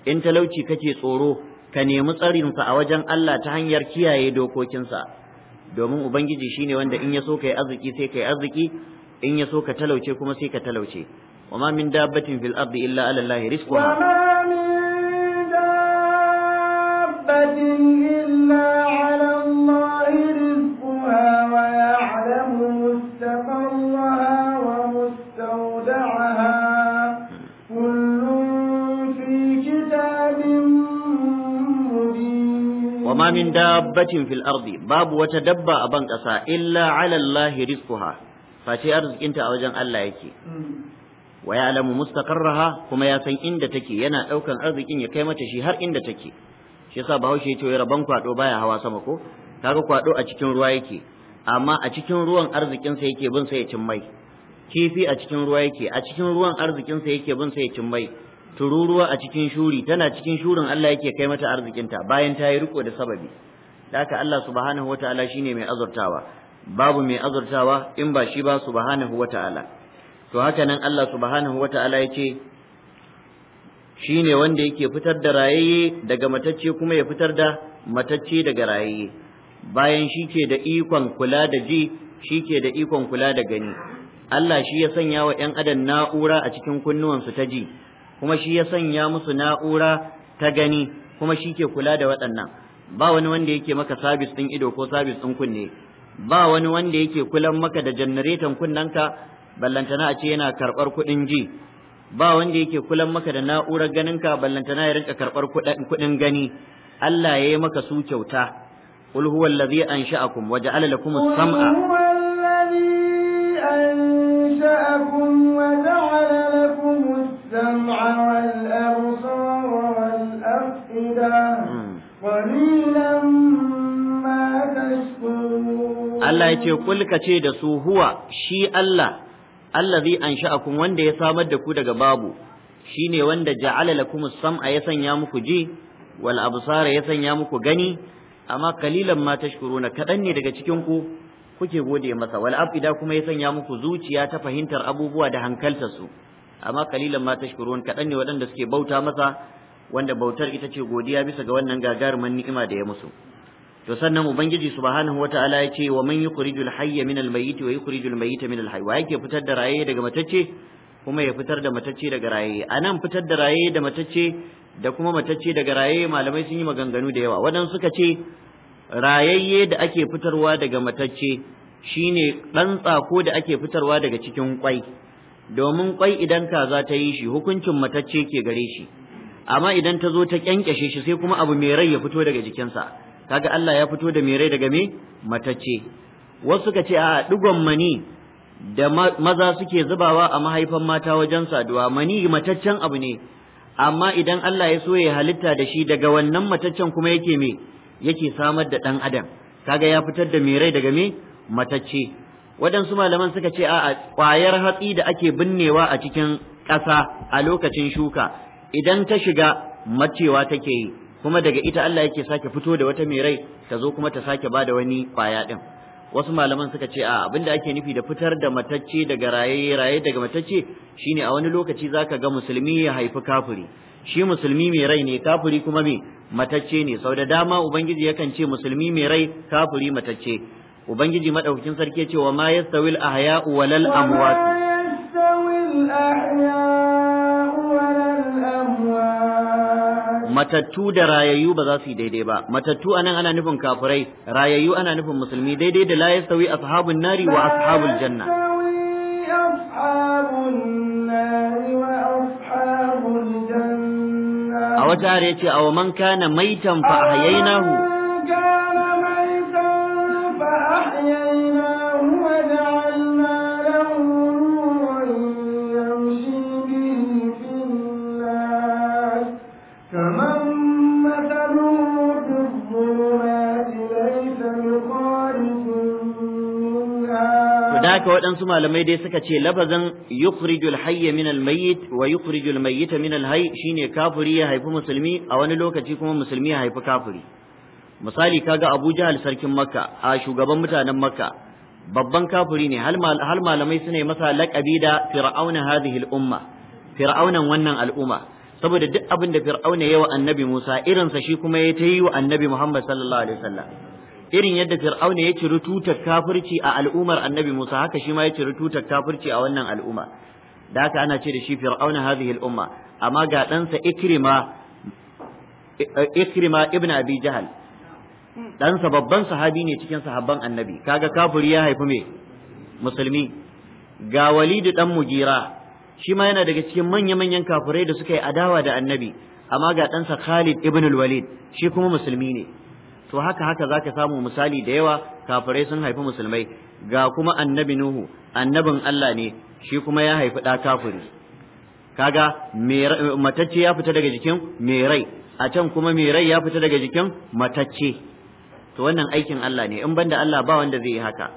in talauci kake tsoro ka nemi tsarin tsarinsa a wajen Allah ta hanyar kiyaye dokokinsa domin ubangiji shine wanda in ya so kai arziki sai kai arziki in ya so ka talauce kuma sai ka talauce wa ma min dabbatin fil ardi illa ala allahi rizquha wa ma min dabbatin illa ala allahi rizquha wa ya'lamu mustaqarraha wa mustawda'aha kullun fi kitabin mubin wa ma min dabbatin fil ardi babu wata dabba a ban kasa illa ala allahi rizquha face arzikinta a wajen Allah yake hmm. wa ya'lamu mustaqarraha kuma ya san inda take yana daukan arzikin ya kai mata shi har inda take shi yasa Bahaushe yace rabon kwado baya hawa sama ko kaga kwado a cikin ruwa yake amma a cikin ruwan arzikin sa yake bin sa ya cin mai kifi a cikin ruwa yake a cikin ruwan arzikin sa yake bin sa ya cin mai tururuwa a cikin shuri tana cikin shurin Allah yake kai mata arzikinta bayan ta yi riko da sababi da haka Allah subhanahu wataala shine mai azurtawa babu mai azurtawa in ba shi ba subhanahu wata'ala to haka nan Allah subhanahu wata'ala yace shine wanda yake fitar da rayayye daga matacce kuma ya fitar da matacce daga rayayye bayan shi ke da ikon kula da ji shi ke da ikon kula da gani Allah shi ya sanya wa ‘yan adam na'ura a cikin kunnuwansu ta ji kuma shi ya sanya musu na'ura ta gani kuma shi ke kula da waɗannan ba wani wanda yake maka sabis ɗin ido ko sabis ɗin kunne ba wani wanda yake kulan maka da janareton kunnanka ballantana a ce yana karɓar kuɗin ji ba wanda yake kulan maka da na'urar ganinka ballantana ya rinka karɓar kuɗin gani Allah ya yi maka su kyauta قل هو الذي أنشأكم وجعل لكم السمع قل هو الذي أنشأكم وجعل لكم السمع والأبصار والأفئدة قليلا Allah ya ce kul ka ce da su huwa shi Allah Allah zai allazi akun wanda ya samar da ku daga babu shine wanda ja'ala lakum sam'a ya sanya muku ji wal absara ya sanya muku gani amma kalilan ma tashkuruna kadan ne daga cikin ku kuke gode masa wal afida kuma ya sanya muku zuciya ta fahimtar abubuwa da hankalta su amma kalilan ma tashkuruna kadan ne waɗanda suke bauta masa wanda bautar ita ce godiya bisa ga wannan gagarumin ni'ima da ya musu to sannan ubangiji subhanahu wataala ya ce wa man yukhrijul hayya min al mayyit wa yukhrijul mayyita min al hayy wa yake fitar da raye daga matacce kuma ya fitar da matacce daga raye anan fitar da raye da matacce da kuma matacce daga raye malamai sun yi maganganu da yawa wadan suka ce rayayye da ake fitarwa daga matacce shine dan tsako da ake fitarwa daga cikin kwai domin kwai idan kaza ta yi shi hukuncin matacce ke gare shi amma idan ta zo ta kyankyashe shi sai kuma abu mai rai ya fito daga jikinsa kaga Allah ya fito da mai rai daga me matacce wasu suka ce a digon mani da maza suke zubawa a mahaifan mata wajen saduwa mani mataccen abu ne amma idan Allah ya so ya halitta da shi daga wannan mataccen kuma yake me yake samar da ɗan adam kaga ya fitar da mai rai daga me matacce waɗansu malaman suka ce a'a ƙwayar hatsi da ake binnewa a cikin ƙasa a lokacin shuka idan ta shiga macewa take yi kuma daga ita Allah yake sake fito da wata mai rai ta zo kuma ta sake bada wani kwaya din wasu malaman suka ce a abinda ake nufi da fitar da matacce daga raye raye daga matacce shine a wani lokaci zaka ga musulmi ya haifi kafiri shi musulmi mai rai ne kafiri kuma me matacce ne sau da dama ubangiji yakan ce musulmi mai rai kafiri matacce ubangiji madaukakin sarki ce wa ma yastawil ahya'u walal amwat yastawil ahya'u amwat matattu da rayayyu ba za su yi daidai ba matattu anan ana nufin kafirai rayayyu ana nufin musulmi daidai da la yastawi ashabun nari wa ashabul janna a wata ya ce a man kana maitan fa ahyaynahu haka waɗansu malamai dai suka ce lafazin yukhrijul hayya min almayyit wa yukhrijul mayyita min alhayy shine kafiri ya haifi musulmi a wani lokaci kuma musulmi ya haifi kafiri misali kaga Abu Jahal sarkin Makka a shugaban mutanen Makka babban kafiri ne har malamai suna masa laƙabi da fir'auna hadhihi al-umma fir'aunan wannan al'umma saboda duk abin da fir'auna wa annabi Musa irinsa shi kuma ya ta yi wa annabi Muhammad sallallahu alaihi wasallam irin yadda fir'auna ya ciri tutar kafirci a al'umar annabi Musa haka shi ma ya ciri tutar kafirci a wannan al'umma da haka ana ce da shi fir'auna hadhihi al'umma amma ga ɗansa ikrima ikrima ibn abi jahal ɗansa babban sahabi ne cikin sahabban annabi kaga kafiri ya haifi me musulmi ga walidu dan mugira shi ma yana daga cikin manya-manyan kafirai da suka yi adawa da annabi amma ga ɗansa khalid ibn walid shi kuma musulmi ne to haka haka zaka samu misali da yawa kafirai sun haifi musulmai ga kuma annabi nuhu annabin Allah ne shi kuma ya haifi ɗa kafiri kaga matacce ya fita daga jikin Merai, a can kuma mai ya fita daga jikin matacce to wannan aikin Allah ne in banda Allah ba wanda zai yi haka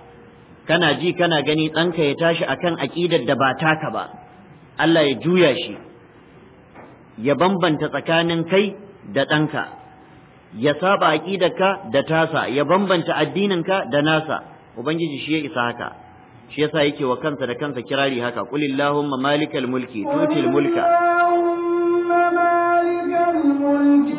kana ji kana gani ɗanka ya tashi akan aƙidar da ba taka ba Allah ya juya shi ya bambanta tsakanin kai da ɗanka ya saba aqidarka da tasa ya bambanta addininka da nasa ubangiji shi ya isa haka shi yasa yake wa kansa da kansa kirari haka qul illahumma malikal mulki tutil mulka malikal mulki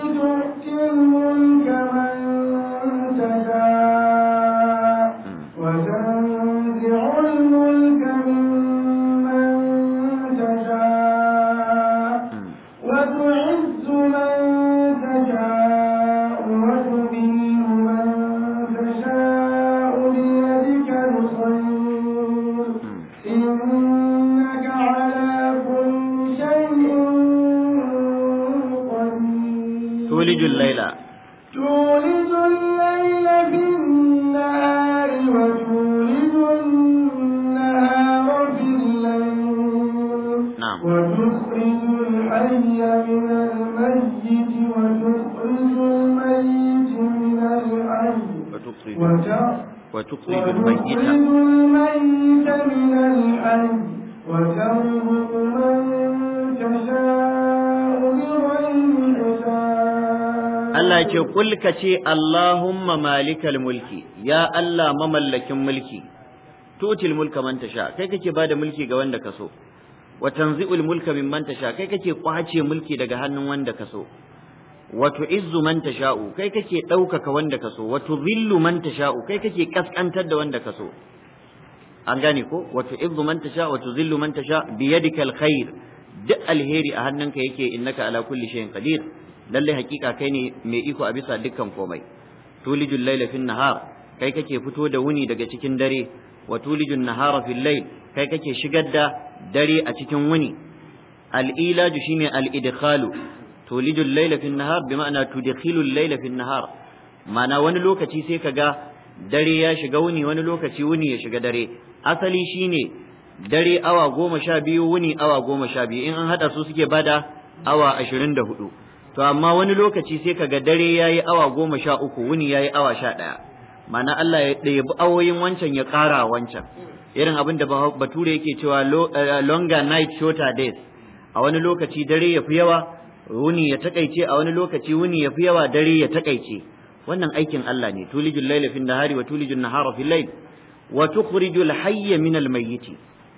Allah ke kulka ce Allahumma malikal mulki, ya Allah mamallakin mulki, tutil mulka man kai kake ba da mulki ga wanda kaso, wa tanzi'ul mulka min man tasha, kai kake kwace mulki daga hannun wanda kaso. wa izu man sha'u, kai kake ɗaukaka wanda ka so Wato tudhillu man sha'u, kai kake ƙasƙantar da wanda ka so an gane ko wato izu man tasha wato tudhillu man tasha bi yadikal khair duk alheri a hannunka yake innaka ala kulli shay'in qadir lalle hakika kai ne mai iko a bisa dukkan komai tulijul layla fin nahar kai kake fito da wuni daga cikin dare wa tulijun nahara fil layl kai kake shigar da dare a cikin wuni al-ilaju shine al-idkhalu tulidul layla nahar bi ma'ana tudkhilul layla fin nahar ma'ana wani lokaci sai kaga dare ya shiga wuni wani lokaci wuni ya shiga dare asali shine dare awa goma sha biyu wuni awa goma sha biyu in an haɗa su suke bada awa ashirin da hudu to amma wani lokaci sai kaga dare ya yi awa goma sha uku wuni ya yi awa sha ɗaya mana Allah ya ɗebi awoyin wancan ya ƙara wancan irin abin da bature yake cewa longer night shorter days a wani lokaci dare ya fi yawa wuni ya takaice a wani lokaci wuni ya fi yawa dare ya takaice wannan aikin Allah ne tulijul laila fin nahari wa tulijul nahara fil lail wa tukhrijul hayya min al mayyit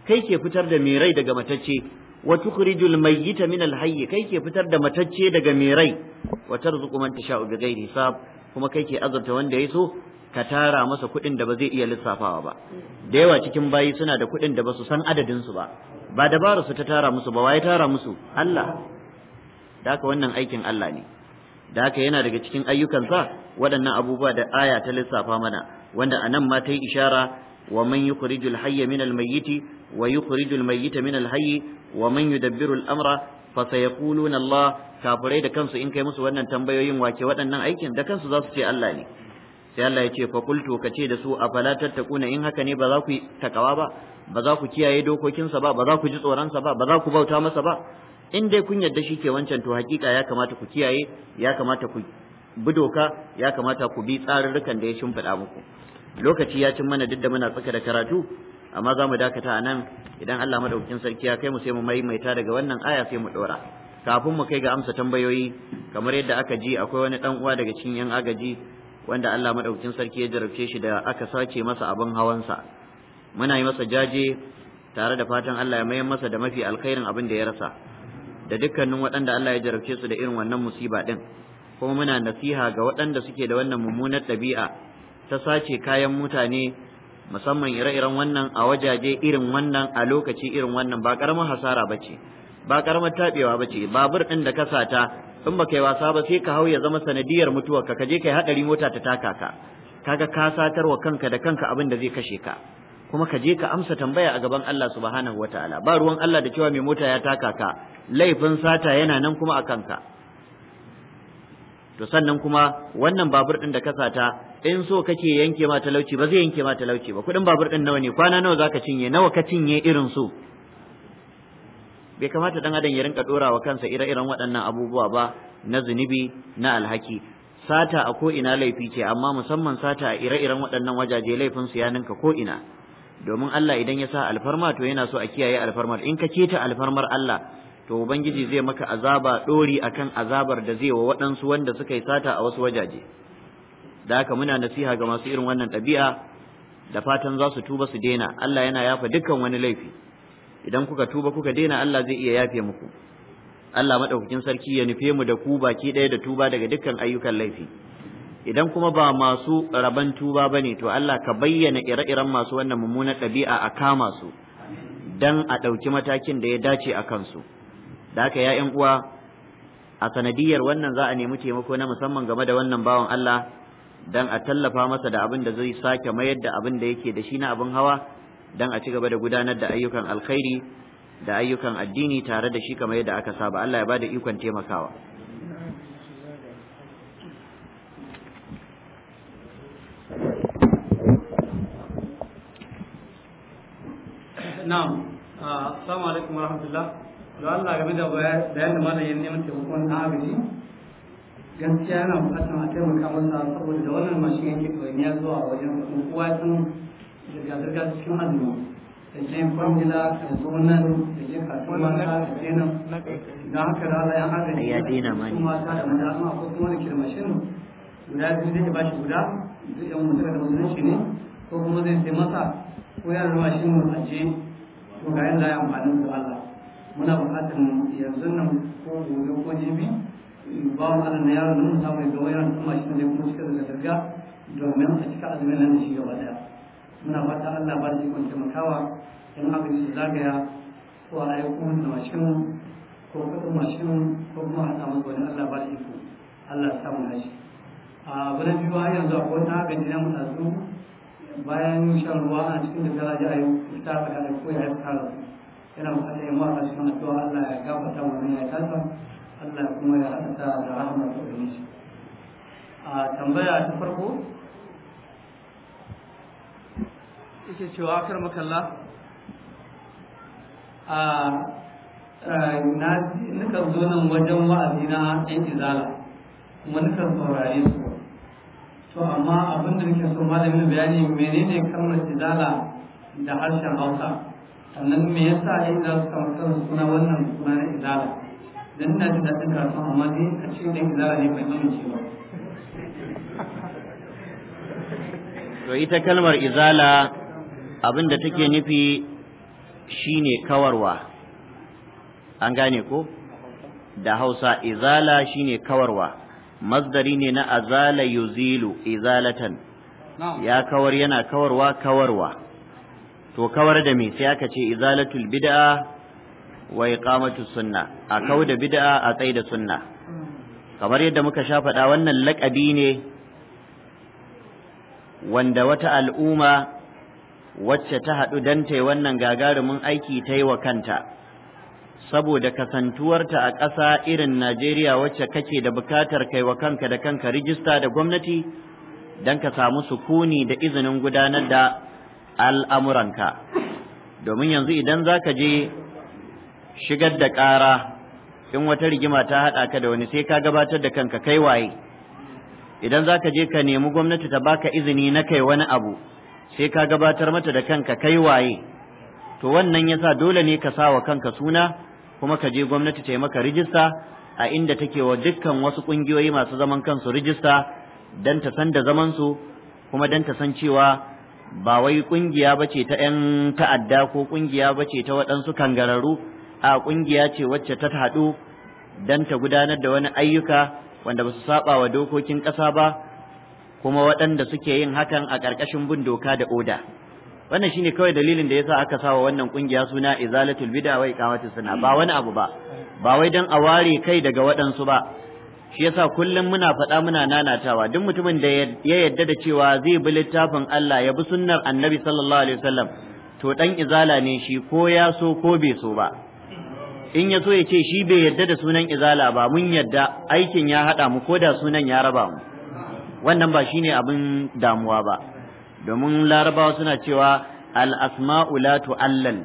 kai ke fitar da mirai daga matacce wa tukhrijul mayyit min al hayy kai ke fitar da matacce daga mirai? rai wa tarzuqu man tasha'u bi ghairi hisab kuma kai ke azabta wanda ya so ka tara masa kuɗin da ba zai iya lissafawa ba da yawa cikin bayi suna da kuɗin da ba su san adadin su ba ba dabaru su ta tara musu ba waye tara musu Allah da haka wannan aikin Allah ne da haka yana daga cikin ayyukansa waɗannan abubuwa da aya ta lissafa mana wanda anan ma ta yi ishara wa man yukhrijul hayya min al mayyiti wa yukhrijul mayyita min al hayyi wa man yudabbiru al amra fa sayaquluna Allah kafirai da kansu in kai musu wannan tambayoyin wake waɗannan aikin da kansu za su ce Allah ne sai Allah ya ce fa qultu kace da su a afala tattakuna in haka ne ba za ku takawa ba ba za ku kiyaye dokokinsa ba ba za ku ji tsoronsa ba ba za ku bauta masa ba in dai kun yarda shi ke wancan to hakika ya kamata ku kiyaye ya kamata ku bi doka ya kamata ku bi tsarurrukan da ya shimfiɗa muku lokaci ya cin mana duk da muna tsaka da karatu amma za mu dakata a nan idan Allah madaukakin sarki ya kai mu sai mu maimaita daga wannan aya sai mu ɗora kafin mu kai ga amsa tambayoyi kamar yadda aka ji akwai wani dan uwa daga cikin yan agaji wanda Allah madaukakin sarki ya jarabce shi da aka sace masa abin hawansa muna yi masa jaje tare da fatan Allah ya mayar masa da mafi alkhairin abin da ya rasa da dukkanin waɗanda Allah ya jarabce su da irin wannan musiba din kuma muna nasiha ga waɗanda suke da wannan mummunar ɗabi'a ta sace kayan mutane musamman ire-iren wannan a wajaje irin wannan a lokaci irin wannan ba ƙaramin hasara ba ce ba ƙaramar taɓewa ba ce babur ɗin da ka sata in ba kai wasa ba sai ka hau ya zama sanadiyar mutuwarka ka je kai haɗari mota ta taka ka kaga ka satarwa kanka da kanka abin da zai kashe ka kuma ka je ka amsa tambaya a gaban Allah subhanahu ta’ala ba ruwan Allah da cewa mai mota ya taka ka laifin sata yana nan kuma a kanka to sannan kuma wannan babur ɗin da ka sata in so kake yanke ma talauci ba zai yanke ma talauci ba kudin babur din nawa ne kwana nawa zaka cinye nawa ka cinye irin su bai kamata dan adam ya rinka dora kansa ire-iren waɗannan abubuwa ba na zunubi na alhaki sata a ko ina laifi ce amma musamman sata a ire-iren waɗannan wajaje laifin su ya ninka ko ina domin Allah idan ya sa alfarma to yana so a kiyaye alfarmar in ka keta alfarmar Allah to ubangiji zai maka azaba dori akan azabar da zai wa waɗansu wanda suka yi sata a wasu wajaje da haka muna nasiha ga masu irin wannan ɗabi'a da fatan za su tuba su daina Allah yana yafa dukkan wani laifi idan kuka tuba kuka daina Allah zai iya yafe muku Allah madaukakin sarki ya nufe mu da ku baki ɗaya da tuba daga dukkan ayyukan laifi idan kuma ba masu raban tuba ba ne to Allah ka bayyana ire-iren masu wannan mummunar ɗabi'a a kama su dan a ɗauki matakin da ya dace a kansu da haka ya uwa a sanadiyar wannan za a nemi taimako na musamman game da wannan bawan Allah dan a tallafa masa da abin da zai sake mayar da abin da yake da shi na abin hawa dan a ci gaba da gudanar da ayyukan alkhairi da ayyukan addini tare da shi kamar yadda aka saba Allah ya bada ikon taimakawa na'am ah, assalamu alaikum warahmatullah da Allah game da bayanin malamin neman taimakon na abiji gaskiya yana bukatar a taimaka masa saboda da wannan mashi yake to ɗoyiniya a wajen kuma kowa sun zirga daga cikin azumi da je formula da zo da je kasuwa mata da je da haka da Allah ya agaji ya dina mani kuma ta da maza amma ko kuma da kirmashin guda biyu zai ba shi guda zai yan mutum da mutum shi ne ko kuma zai taimaka masa ko yana mashin mu ajiye ga yin da ya amfani da Allah muna buƙatar yanzu nan ko gobe ko jibi ba mu Allah na yaro nan ta mai gawa yaron kuma shi ne kuma cika da zarga domin a cika azumin nan da shi gaba daya muna fata Allah ba da ikon taimakawa in aka ci zagaya ko a ayyukan da mashin ko kuɗin mashin ko kuma a samu wani Allah ba da iko Allah ya samu nashi a bana biyu har yanzu akwai wata haka ne na mutazu bayan shan ruwa a cikin da daraja a yi ta faɗa da ko ya yi tsara yana buƙatar yin wata cikin addu'a Allah ya gafarta wannan ya tasa Allah kuma ya haɗa da rahama ta ubangiji a tambaya ta farko ce wa kar makalla a na nika zo nan wajen wa'azi na ɗan izala kuma nika saurare su to amma abin da nake so malamin bayani menene kalmar izala da harshen Hausa sannan me yasa in za su kamar suna wannan suna na izala dan ina jin daɗin karatu amma dai a ce da izala ne mai amince ba to ita kalmar izala abin da take nufi shine kawarwa an gane ko da Hausa izala shine kawarwa Mazari ne na azala yuzilu izalatan ya kawar yana kawarwa kawarwa to kawar da me sai aka ce izalatul bid'a wa iqamatu sunna a kau da bid'a a tsaida sunna kamar yadda muka sha faɗa wannan laƙabi ne wanda wata al'umma wacce ta haɗu dan ta wannan gagarumin aiki ta yi wa kanta saboda kasantuwarta a ƙasa irin Najeriya wacce kake da bukatar kai wa kanka da kanka rijista da gwamnati don ka samu sukuni da izinin gudanar da al'amuranka domin yanzu idan za ka je shigar da ƙara in wata rigima ta haɗa ka da wani sai ka gabatar da kanka kai waye idan za ka je ka nemi gwamnati ta baka izini na kai wani abu sai ka gabatar mata da kanka kai waye to wannan yasa dole ne ka sa wa kanka suna kuma ka je gwamnati ta yi maka rijista a inda take wa dukkan wasu ƙungiyoyi masu zaman kansu rijista don ta san da zamansu kuma don ta san cewa ba wai ƙungiya ba ta 'yan ta'adda ko ƙungiya ba ce ta waɗansu kangararru a ƙungiya ce wacce ta haɗu don ta gudanar da wani ayyuka wanda ba su saba wa dokokin ƙasa ba kuma waɗanda suke yin hakan a ƙarƙashin bin doka da oda. wannan shine kawai dalilin da yasa aka sawa wannan kungiya suna izalatul bid'a wa iqamatus sunna ba wani abu ba ba wai dan a ware kai daga waɗansu ba shi yasa kullum muna faɗa muna nanatawa duk mutumin da ya yadda da cewa zai bi littafin Allah ya bi sunnar Annabi sallallahu alaihi wasallam to dan izala ne shi ko ya so ko bai so ba in ya so ya ce shi bai yadda da sunan izala ba mun yadda aikin ya haɗa mu ko da sunan ya raba mu wannan ba shine abin damuwa ba domin larabawa suna cewa al-asma'u la tu'allal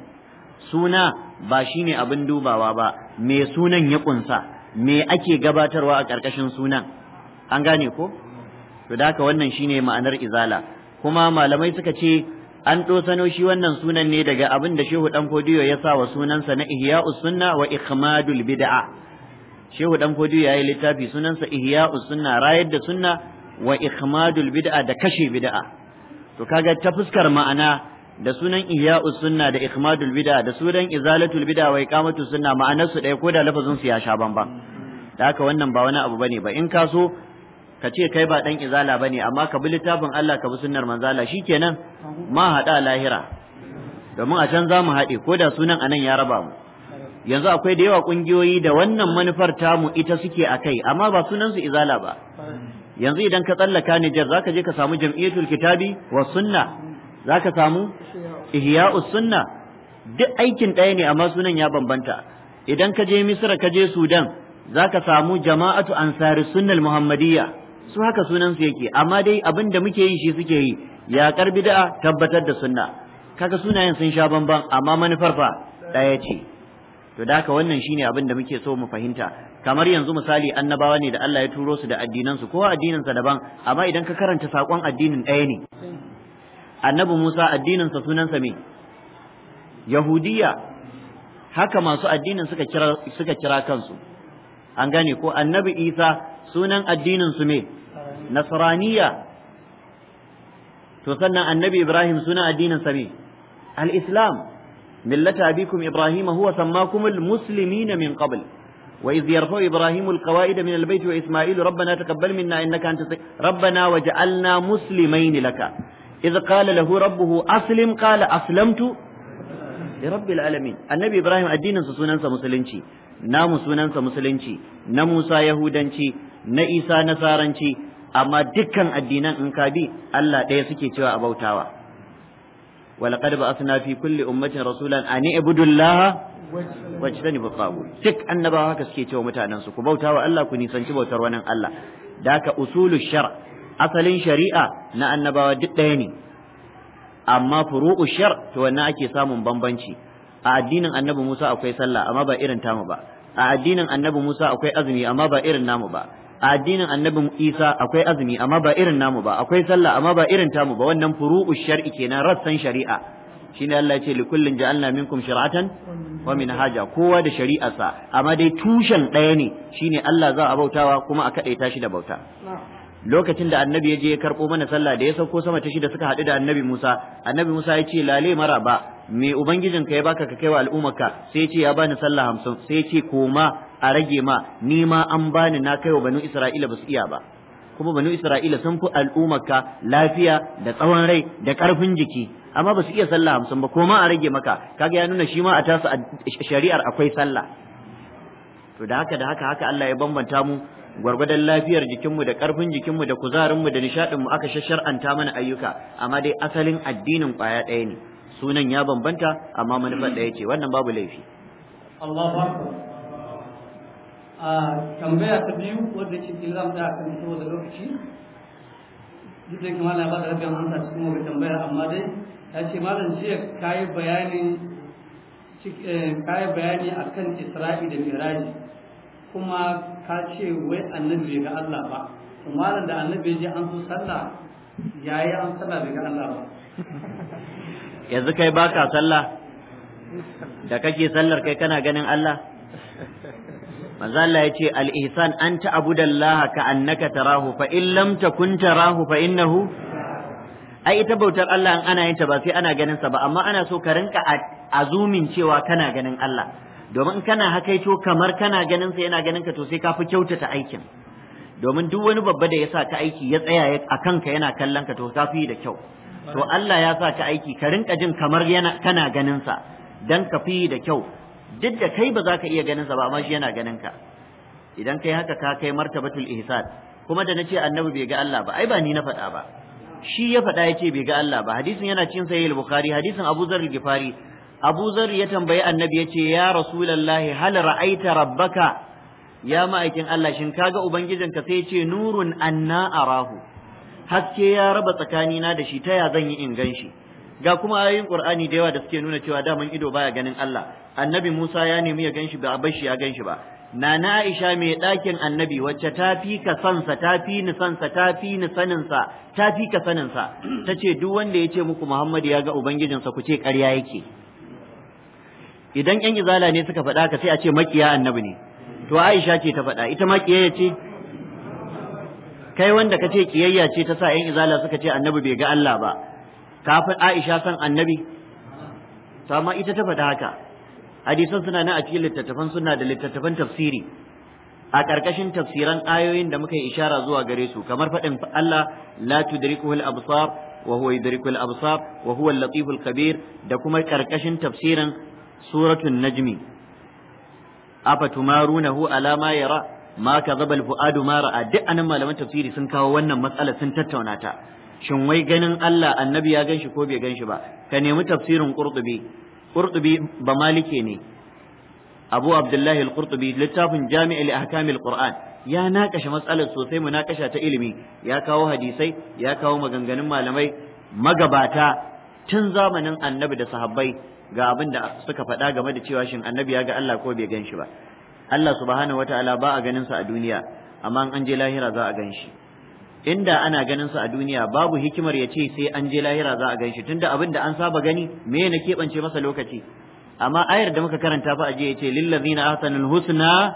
suna ba shine abin dubawa ba me sunan ya kunsa me ake gabatarwa a ƙarƙashin sunan an gane ko to da wannan shine ma'anar izala kuma malamai suka ce an ɗosano shi wannan sunan ne daga abin da shehu dan fodiyo ya sa wa sunansa na ihya'us sunna wa ikhmadul bid'a shehu dan fodiyo yayi littafi sunansa ihya'us sunna rayar da sunna wa ikhmadul bid'a da kashe bid'a to kaga ta fuskar ma'ana da sunan ihya'us sunna da ikmadul bid'a da sunan izalatul bid'a wa iqamatus sunna ma'anar su ɗaya ko da lafazin su ya sha bamban da haka wannan ba wani abu bane ba in ka so ka ce kai ba dan izala bane amma ka bi littafin Allah ka bi sunnar manzala shikenan ma hada lahira domin a can zamu mu haɗe ko da sunan anan ya raba mu yanzu akwai da yawa ƙungiyoyi da wannan manufar tamu ita suke a kai amma ba sunan su izala ba yanzu idan ka tsallaka Nijar za ka je ka samu jam'iyyatul kitabi wa sunna ka samu ihya'us sunna duk aikin ɗaya ne amma sunan ya bambanta idan ka je Misra ka je Sudan za ka samu jama'atu ansari sunnal muhammadiyya su haka sunansu su yake amma dai abin da muke yi shi suke yi ya karbi da'a tabbatar da sunna kaga sunayen sun sha bamban amma manufar fa ɗaya ce to da haka wannan shine abin da muke so mu fahimta kamar yanzu misali annabawa ne da Allah ya turo su da addinansu kowa addininsa daban amma idan ka karanta sakon addinin ɗaya ne annabi Musa addininsa sunansa me Yahudiya haka masu addinin suka kira suka kira kansu an gane ko annabi Isa sunan addinin su me Nasraniya to sannan annabi Ibrahim sunan addinin sa me al-Islam millata abikum Ibrahim huwa sammakumul muslimina min qabl وإذ يرفع إبراهيم القواعد من البيت وإسماعيل ربنا تقبل منا إنك أنت ربنا وجعلنا مسلمين لك إذ قال له ربه أسلم قال أسلمت لرب العالمين النبي إبراهيم الدين سننسى مسلنشي نام سننسى مسلنشي نموسى يهودنشي نئيسى نصارنشي أما دكا الدينان إنكابي ألا تيسكي توا أبوتاوا ولقد بعثنا في كل أمة رسولا أن اعبدوا الله واجتنبوا الطاغوت duk annabawa haka suke cewa mutanen su ku bauta wa Allah ku nisanci bautar wani Allah da haka usulu shar asalin shari'a na annabawa duk ɗaya ne amma furu'u shar to wannan ake samun bambanci a addinin annabi Musa akwai sallah amma ba irin tamu ba a addinin annabi Musa akwai azumi amma ba irin namu ba a addinin Annabi Isa akwai azumi amma ba irin namu ba akwai sallah amma ba irin tamu ba wannan furu'u shar'i kenan rassan shari'a shine Allah ya ce li kullin ja'alna minkum shir'atan wa minhaja kowa da shari'arsa amma dai tushen ɗaya ne shine Allah za a bautawa kuma a kadaita shi da bauta lokacin da annabi ya je ya karbo mana sallah da ya sauko sama ta shida suka haɗu da annabi Musa annabi Musa ya ce lale mara ba me ubangijinka ya baka ka kaiwa al'ummarka sai ya ce ya bani sallah hamsin sai ya ce koma a rage ma ni ma an bani na kai wa banu isra'ila ba su iya ba kuma banu isra'ila sun fi al'ummarka lafiya da tsawon rai da karfin jiki amma ba su iya sallah hamsin ba ko a rage maka kaga ya nuna shi ma a tasu shari'ar akwai sallah to da haka da haka haka Allah ya bambanta mu gwargwadon lafiyar jikinmu da ƙarfin jikinmu da kuzarinmu da nishadinmu, aka shashar'anta mana ayyuka amma dai asalin addinin kwaya ɗaya ne sunan ya bambanta amma manufar ɗaya ce wannan babu laifi. a tambaya ta biyu wadda ce da za mu da kan saboda lokaci duk da yake malam ba da rabin amsa cikin wani tambaya amma dai ta ce malam jiya kayi bayani eh, kayi bayani akan Isra'i da Miraji kuma ka ce wai annabi bai ga Allah ba malam da annabi ya je an so sallah yayi an sallah bai ga Allah ba yanzu kai baka sallah da kake sallar kai kana ganin Allah manzo Allah yace al ihsan an ta'budallaha ka annaka tarahu fa in lam takun tarahu fa innahu ai ita bautar Allah an ana yin ta ba sai ana ganin sa ba amma ana so ka rinka azumin cewa kana ganin Allah domin kana hakaito kamar kana ganin sa yana ganin ka to sai ka fi kyautata aikin domin duk wani babba da ya sa ka aiki ya tsaya a kanka yana kallon ka to ka fi da kyau to Allah ya sa ka aiki ka rinka jin kamar yana kana ganin sa dan ka fi da kyau duk da kai ba za ka iya ganin sa ba amma shi yana ganin ka idan kai haka ka kai martabatul ihsan kuma da nace annabi bai ga Allah ba ai ba ni na faɗa ba shi ya faɗa yace bai ga Allah ba hadisin yana cikin sahih al-bukhari hadisin Abu Dharr al gifari Abu ya tambayi annabi yace ya rasulullahi hal ra'aita rabbaka ya ma'aikin Allah shin kaga ubangijinka sai yace nurun anna arahu haske ya raba tsakanina da shi ta ya zan yi in gan shi ga kuma ayoyin qur'ani da yawa da suke nuna cewa daman ido baya ganin Allah annabi Musa ya nemi ya ganshi ba a bashi ya ganshi ba Nana Aisha mai ɗakin annabi wacce ta fi ka sansa, ta fi ni sansa, ta fi ni saninsa, ta fi ka saninsa, ta ce duk wanda ya ce muku Muhammadu ya ga Ubangijinsa ku ce ƙarya yake. Idan ‘yan izala ne suka faɗa ka sai a ce makiya annabi ne, to Aisha ce ta faɗa, ita makiya ya ce? Kai wanda ka ce ƙiyayya ce ta sa ‘yan izala suka ce annabi bai ga Allah ba, kafin Aisha san annabi to amma ita ta faɗa haka hadisan suna nan a cikin littattafan suna da littattafan tafsiri a ƙarƙashin tafsiran ayoyin da muka yi ishara zuwa gare su kamar faɗin Allah la tudrikuhu al-absar wa huwa yudrikul absar wa huwa al-latiful khabir da kuma ƙarƙashin tafsirin suratul najmi afatumarunahu ala ma yara ma kadhaba al-fuadu ma ra'a duk anan malaman tafsiri sun kawo wannan matsala sun tattauna ta shin wai ganin Allah annabi ya ganshi ko bai ganshi ba ka nemi tafsirin qurtubi qurtubi ba malike ne abu abdullahi al-qurtubi littafin jami'il ahkamil qur'an ya nakashe matsalar sosai munakasha ta ilimi ya kawo hadisai ya kawo maganganun malamai magabata tun zamanin annabi da sahabbai ga abin da suka faɗa game da cewa shin annabi ya ga Allah ko bai ganshi ba Allah subhanahu wataala ba a ganin sa a duniya amma an je lahira za a ganshi inda ana ganin su a duniya babu hikimar ya ce sai an je lahira za a gan shi tunda abin da an saba gani me na keɓance masa lokaci amma ayar da muka karanta fa aje ya ce lillazina ahsanul husna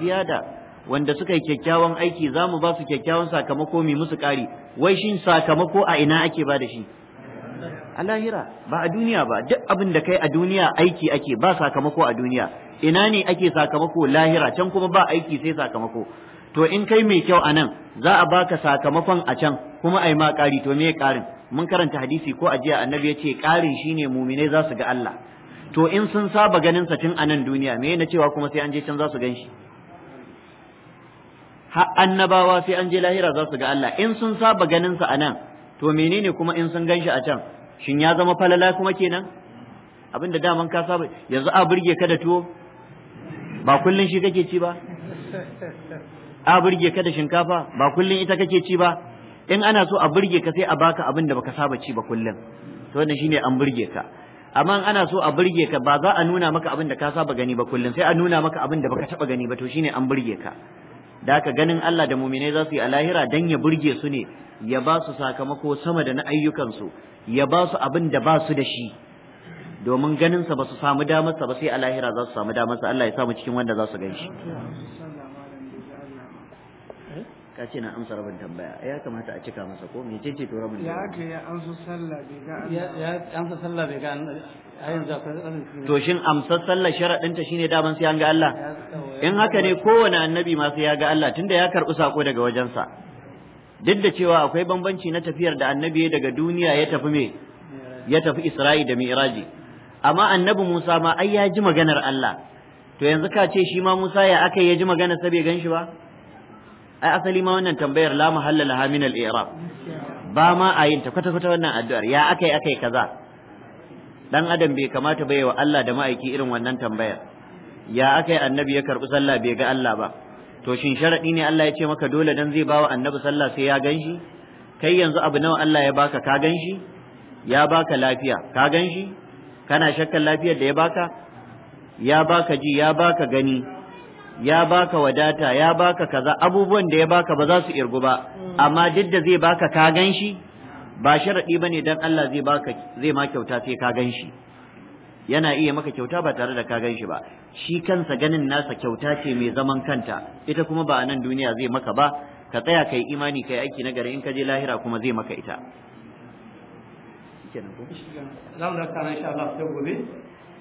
ziyada wanda suka yi kyakkyawan aiki za mu ba su kyakkyawan sakamako mai musu ƙari wai shin sakamako a ina ake ba da shi a lahira ba a duniya ba duk abin da kai a duniya aiki ake ba sakamako a duniya ina ne ake sakamako lahira can kuma ba aiki sai sakamako to in kai mai kyau a nan za a baka sakamakon a can kuma ai ma ƙari to me ƙarin mun karanta hadisi ko ajiya annabi ya ce ƙarin shine mumine za su ga Allah to in sun saba ganin sa tun a nan duniya me na cewa kuma sai an je can za su gan shi annabawa sai an je lahira za su ga Allah in sun saba ganin sa a nan to menene kuma in sun gan shi a can shin ya zama falala kuma kenan abinda daman ka saba yanzu a burge ka da tuwo ba kullun shi kake ci ba a burge ka da shinkafa ba kullum ita kake ci ba in ana so a burge ka sai a baka abin da baka saba ci ba kullum to wannan shine an burge ka amma in ana so a burge ka ba za a nuna maka abin da ka saba gani ba kullum sai a nuna maka abin da baka taba gani ba to shine an burge ka da haka ganin Allah da muminai za su yi a lahira dan ya burge su ne ya ba su sakamako sama da na ayyukansu ya ba su abin da ba su da shi domin ganinsa ba su samu sa ba sai a lahira za su samu sa Allah ya samu cikin wanda za su gan shi ka ce na amsa rabin tambaya ya kamata a cika masa ko mece ce to rabin ya ka ya amsa sallah bai ga ya amsa sallah bai ga a yanzu to shin amsa sallah sharadin ta shine daman sai an ga Allah in haka ne kowane annabi ma sai ya ga Allah tunda ya karɓi sako daga wajensa duk da cewa akwai bambanci na tafiyar da annabi daga duniya ya tafi me ya tafi Isra'i da Mi'raji amma annabi Musa ma ai ya ji maganar Allah to yanzu ka ce shi ma Musa ya aka ya ji maganar sa bai gan shi ba ai asali ma wannan tambayar la mahalla laha min al-i'rab ba ma a yin ta kwata kwata wannan addu'ar ya akai akai kaza dan adam bai kamata bai wa Allah da ma'aiki irin wannan tambayar ya akai annabi ya karbi sallah bai ga Allah ba to shin sharadi ne Allah ya ce maka dole dan zai bawa annabi sallah sai ya ganshi kai yanzu abu nawa Allah ya baka ka ganshi ya baka lafiya ka ganshi kana shakkan lafiyar da ya baka ya baka ji ya baka gani ya baka wadata ya baka kaza abubuwan da ya baka ba za su irgu ba mm. amma duk da zai baka ka ganshi ba sharadi bane dan Allah zai baka zai ma kyauta sai ka ganshi yana iya maka kyauta ba tare da ka ganshi ba shi kansa ganin nasa kyauta ce mai zaman kanta ita kuma ba a nan duniya zai maka ba ka tsaya kai imani kai aiki na gari in ka je lahira kuma zai maka ita kenan ko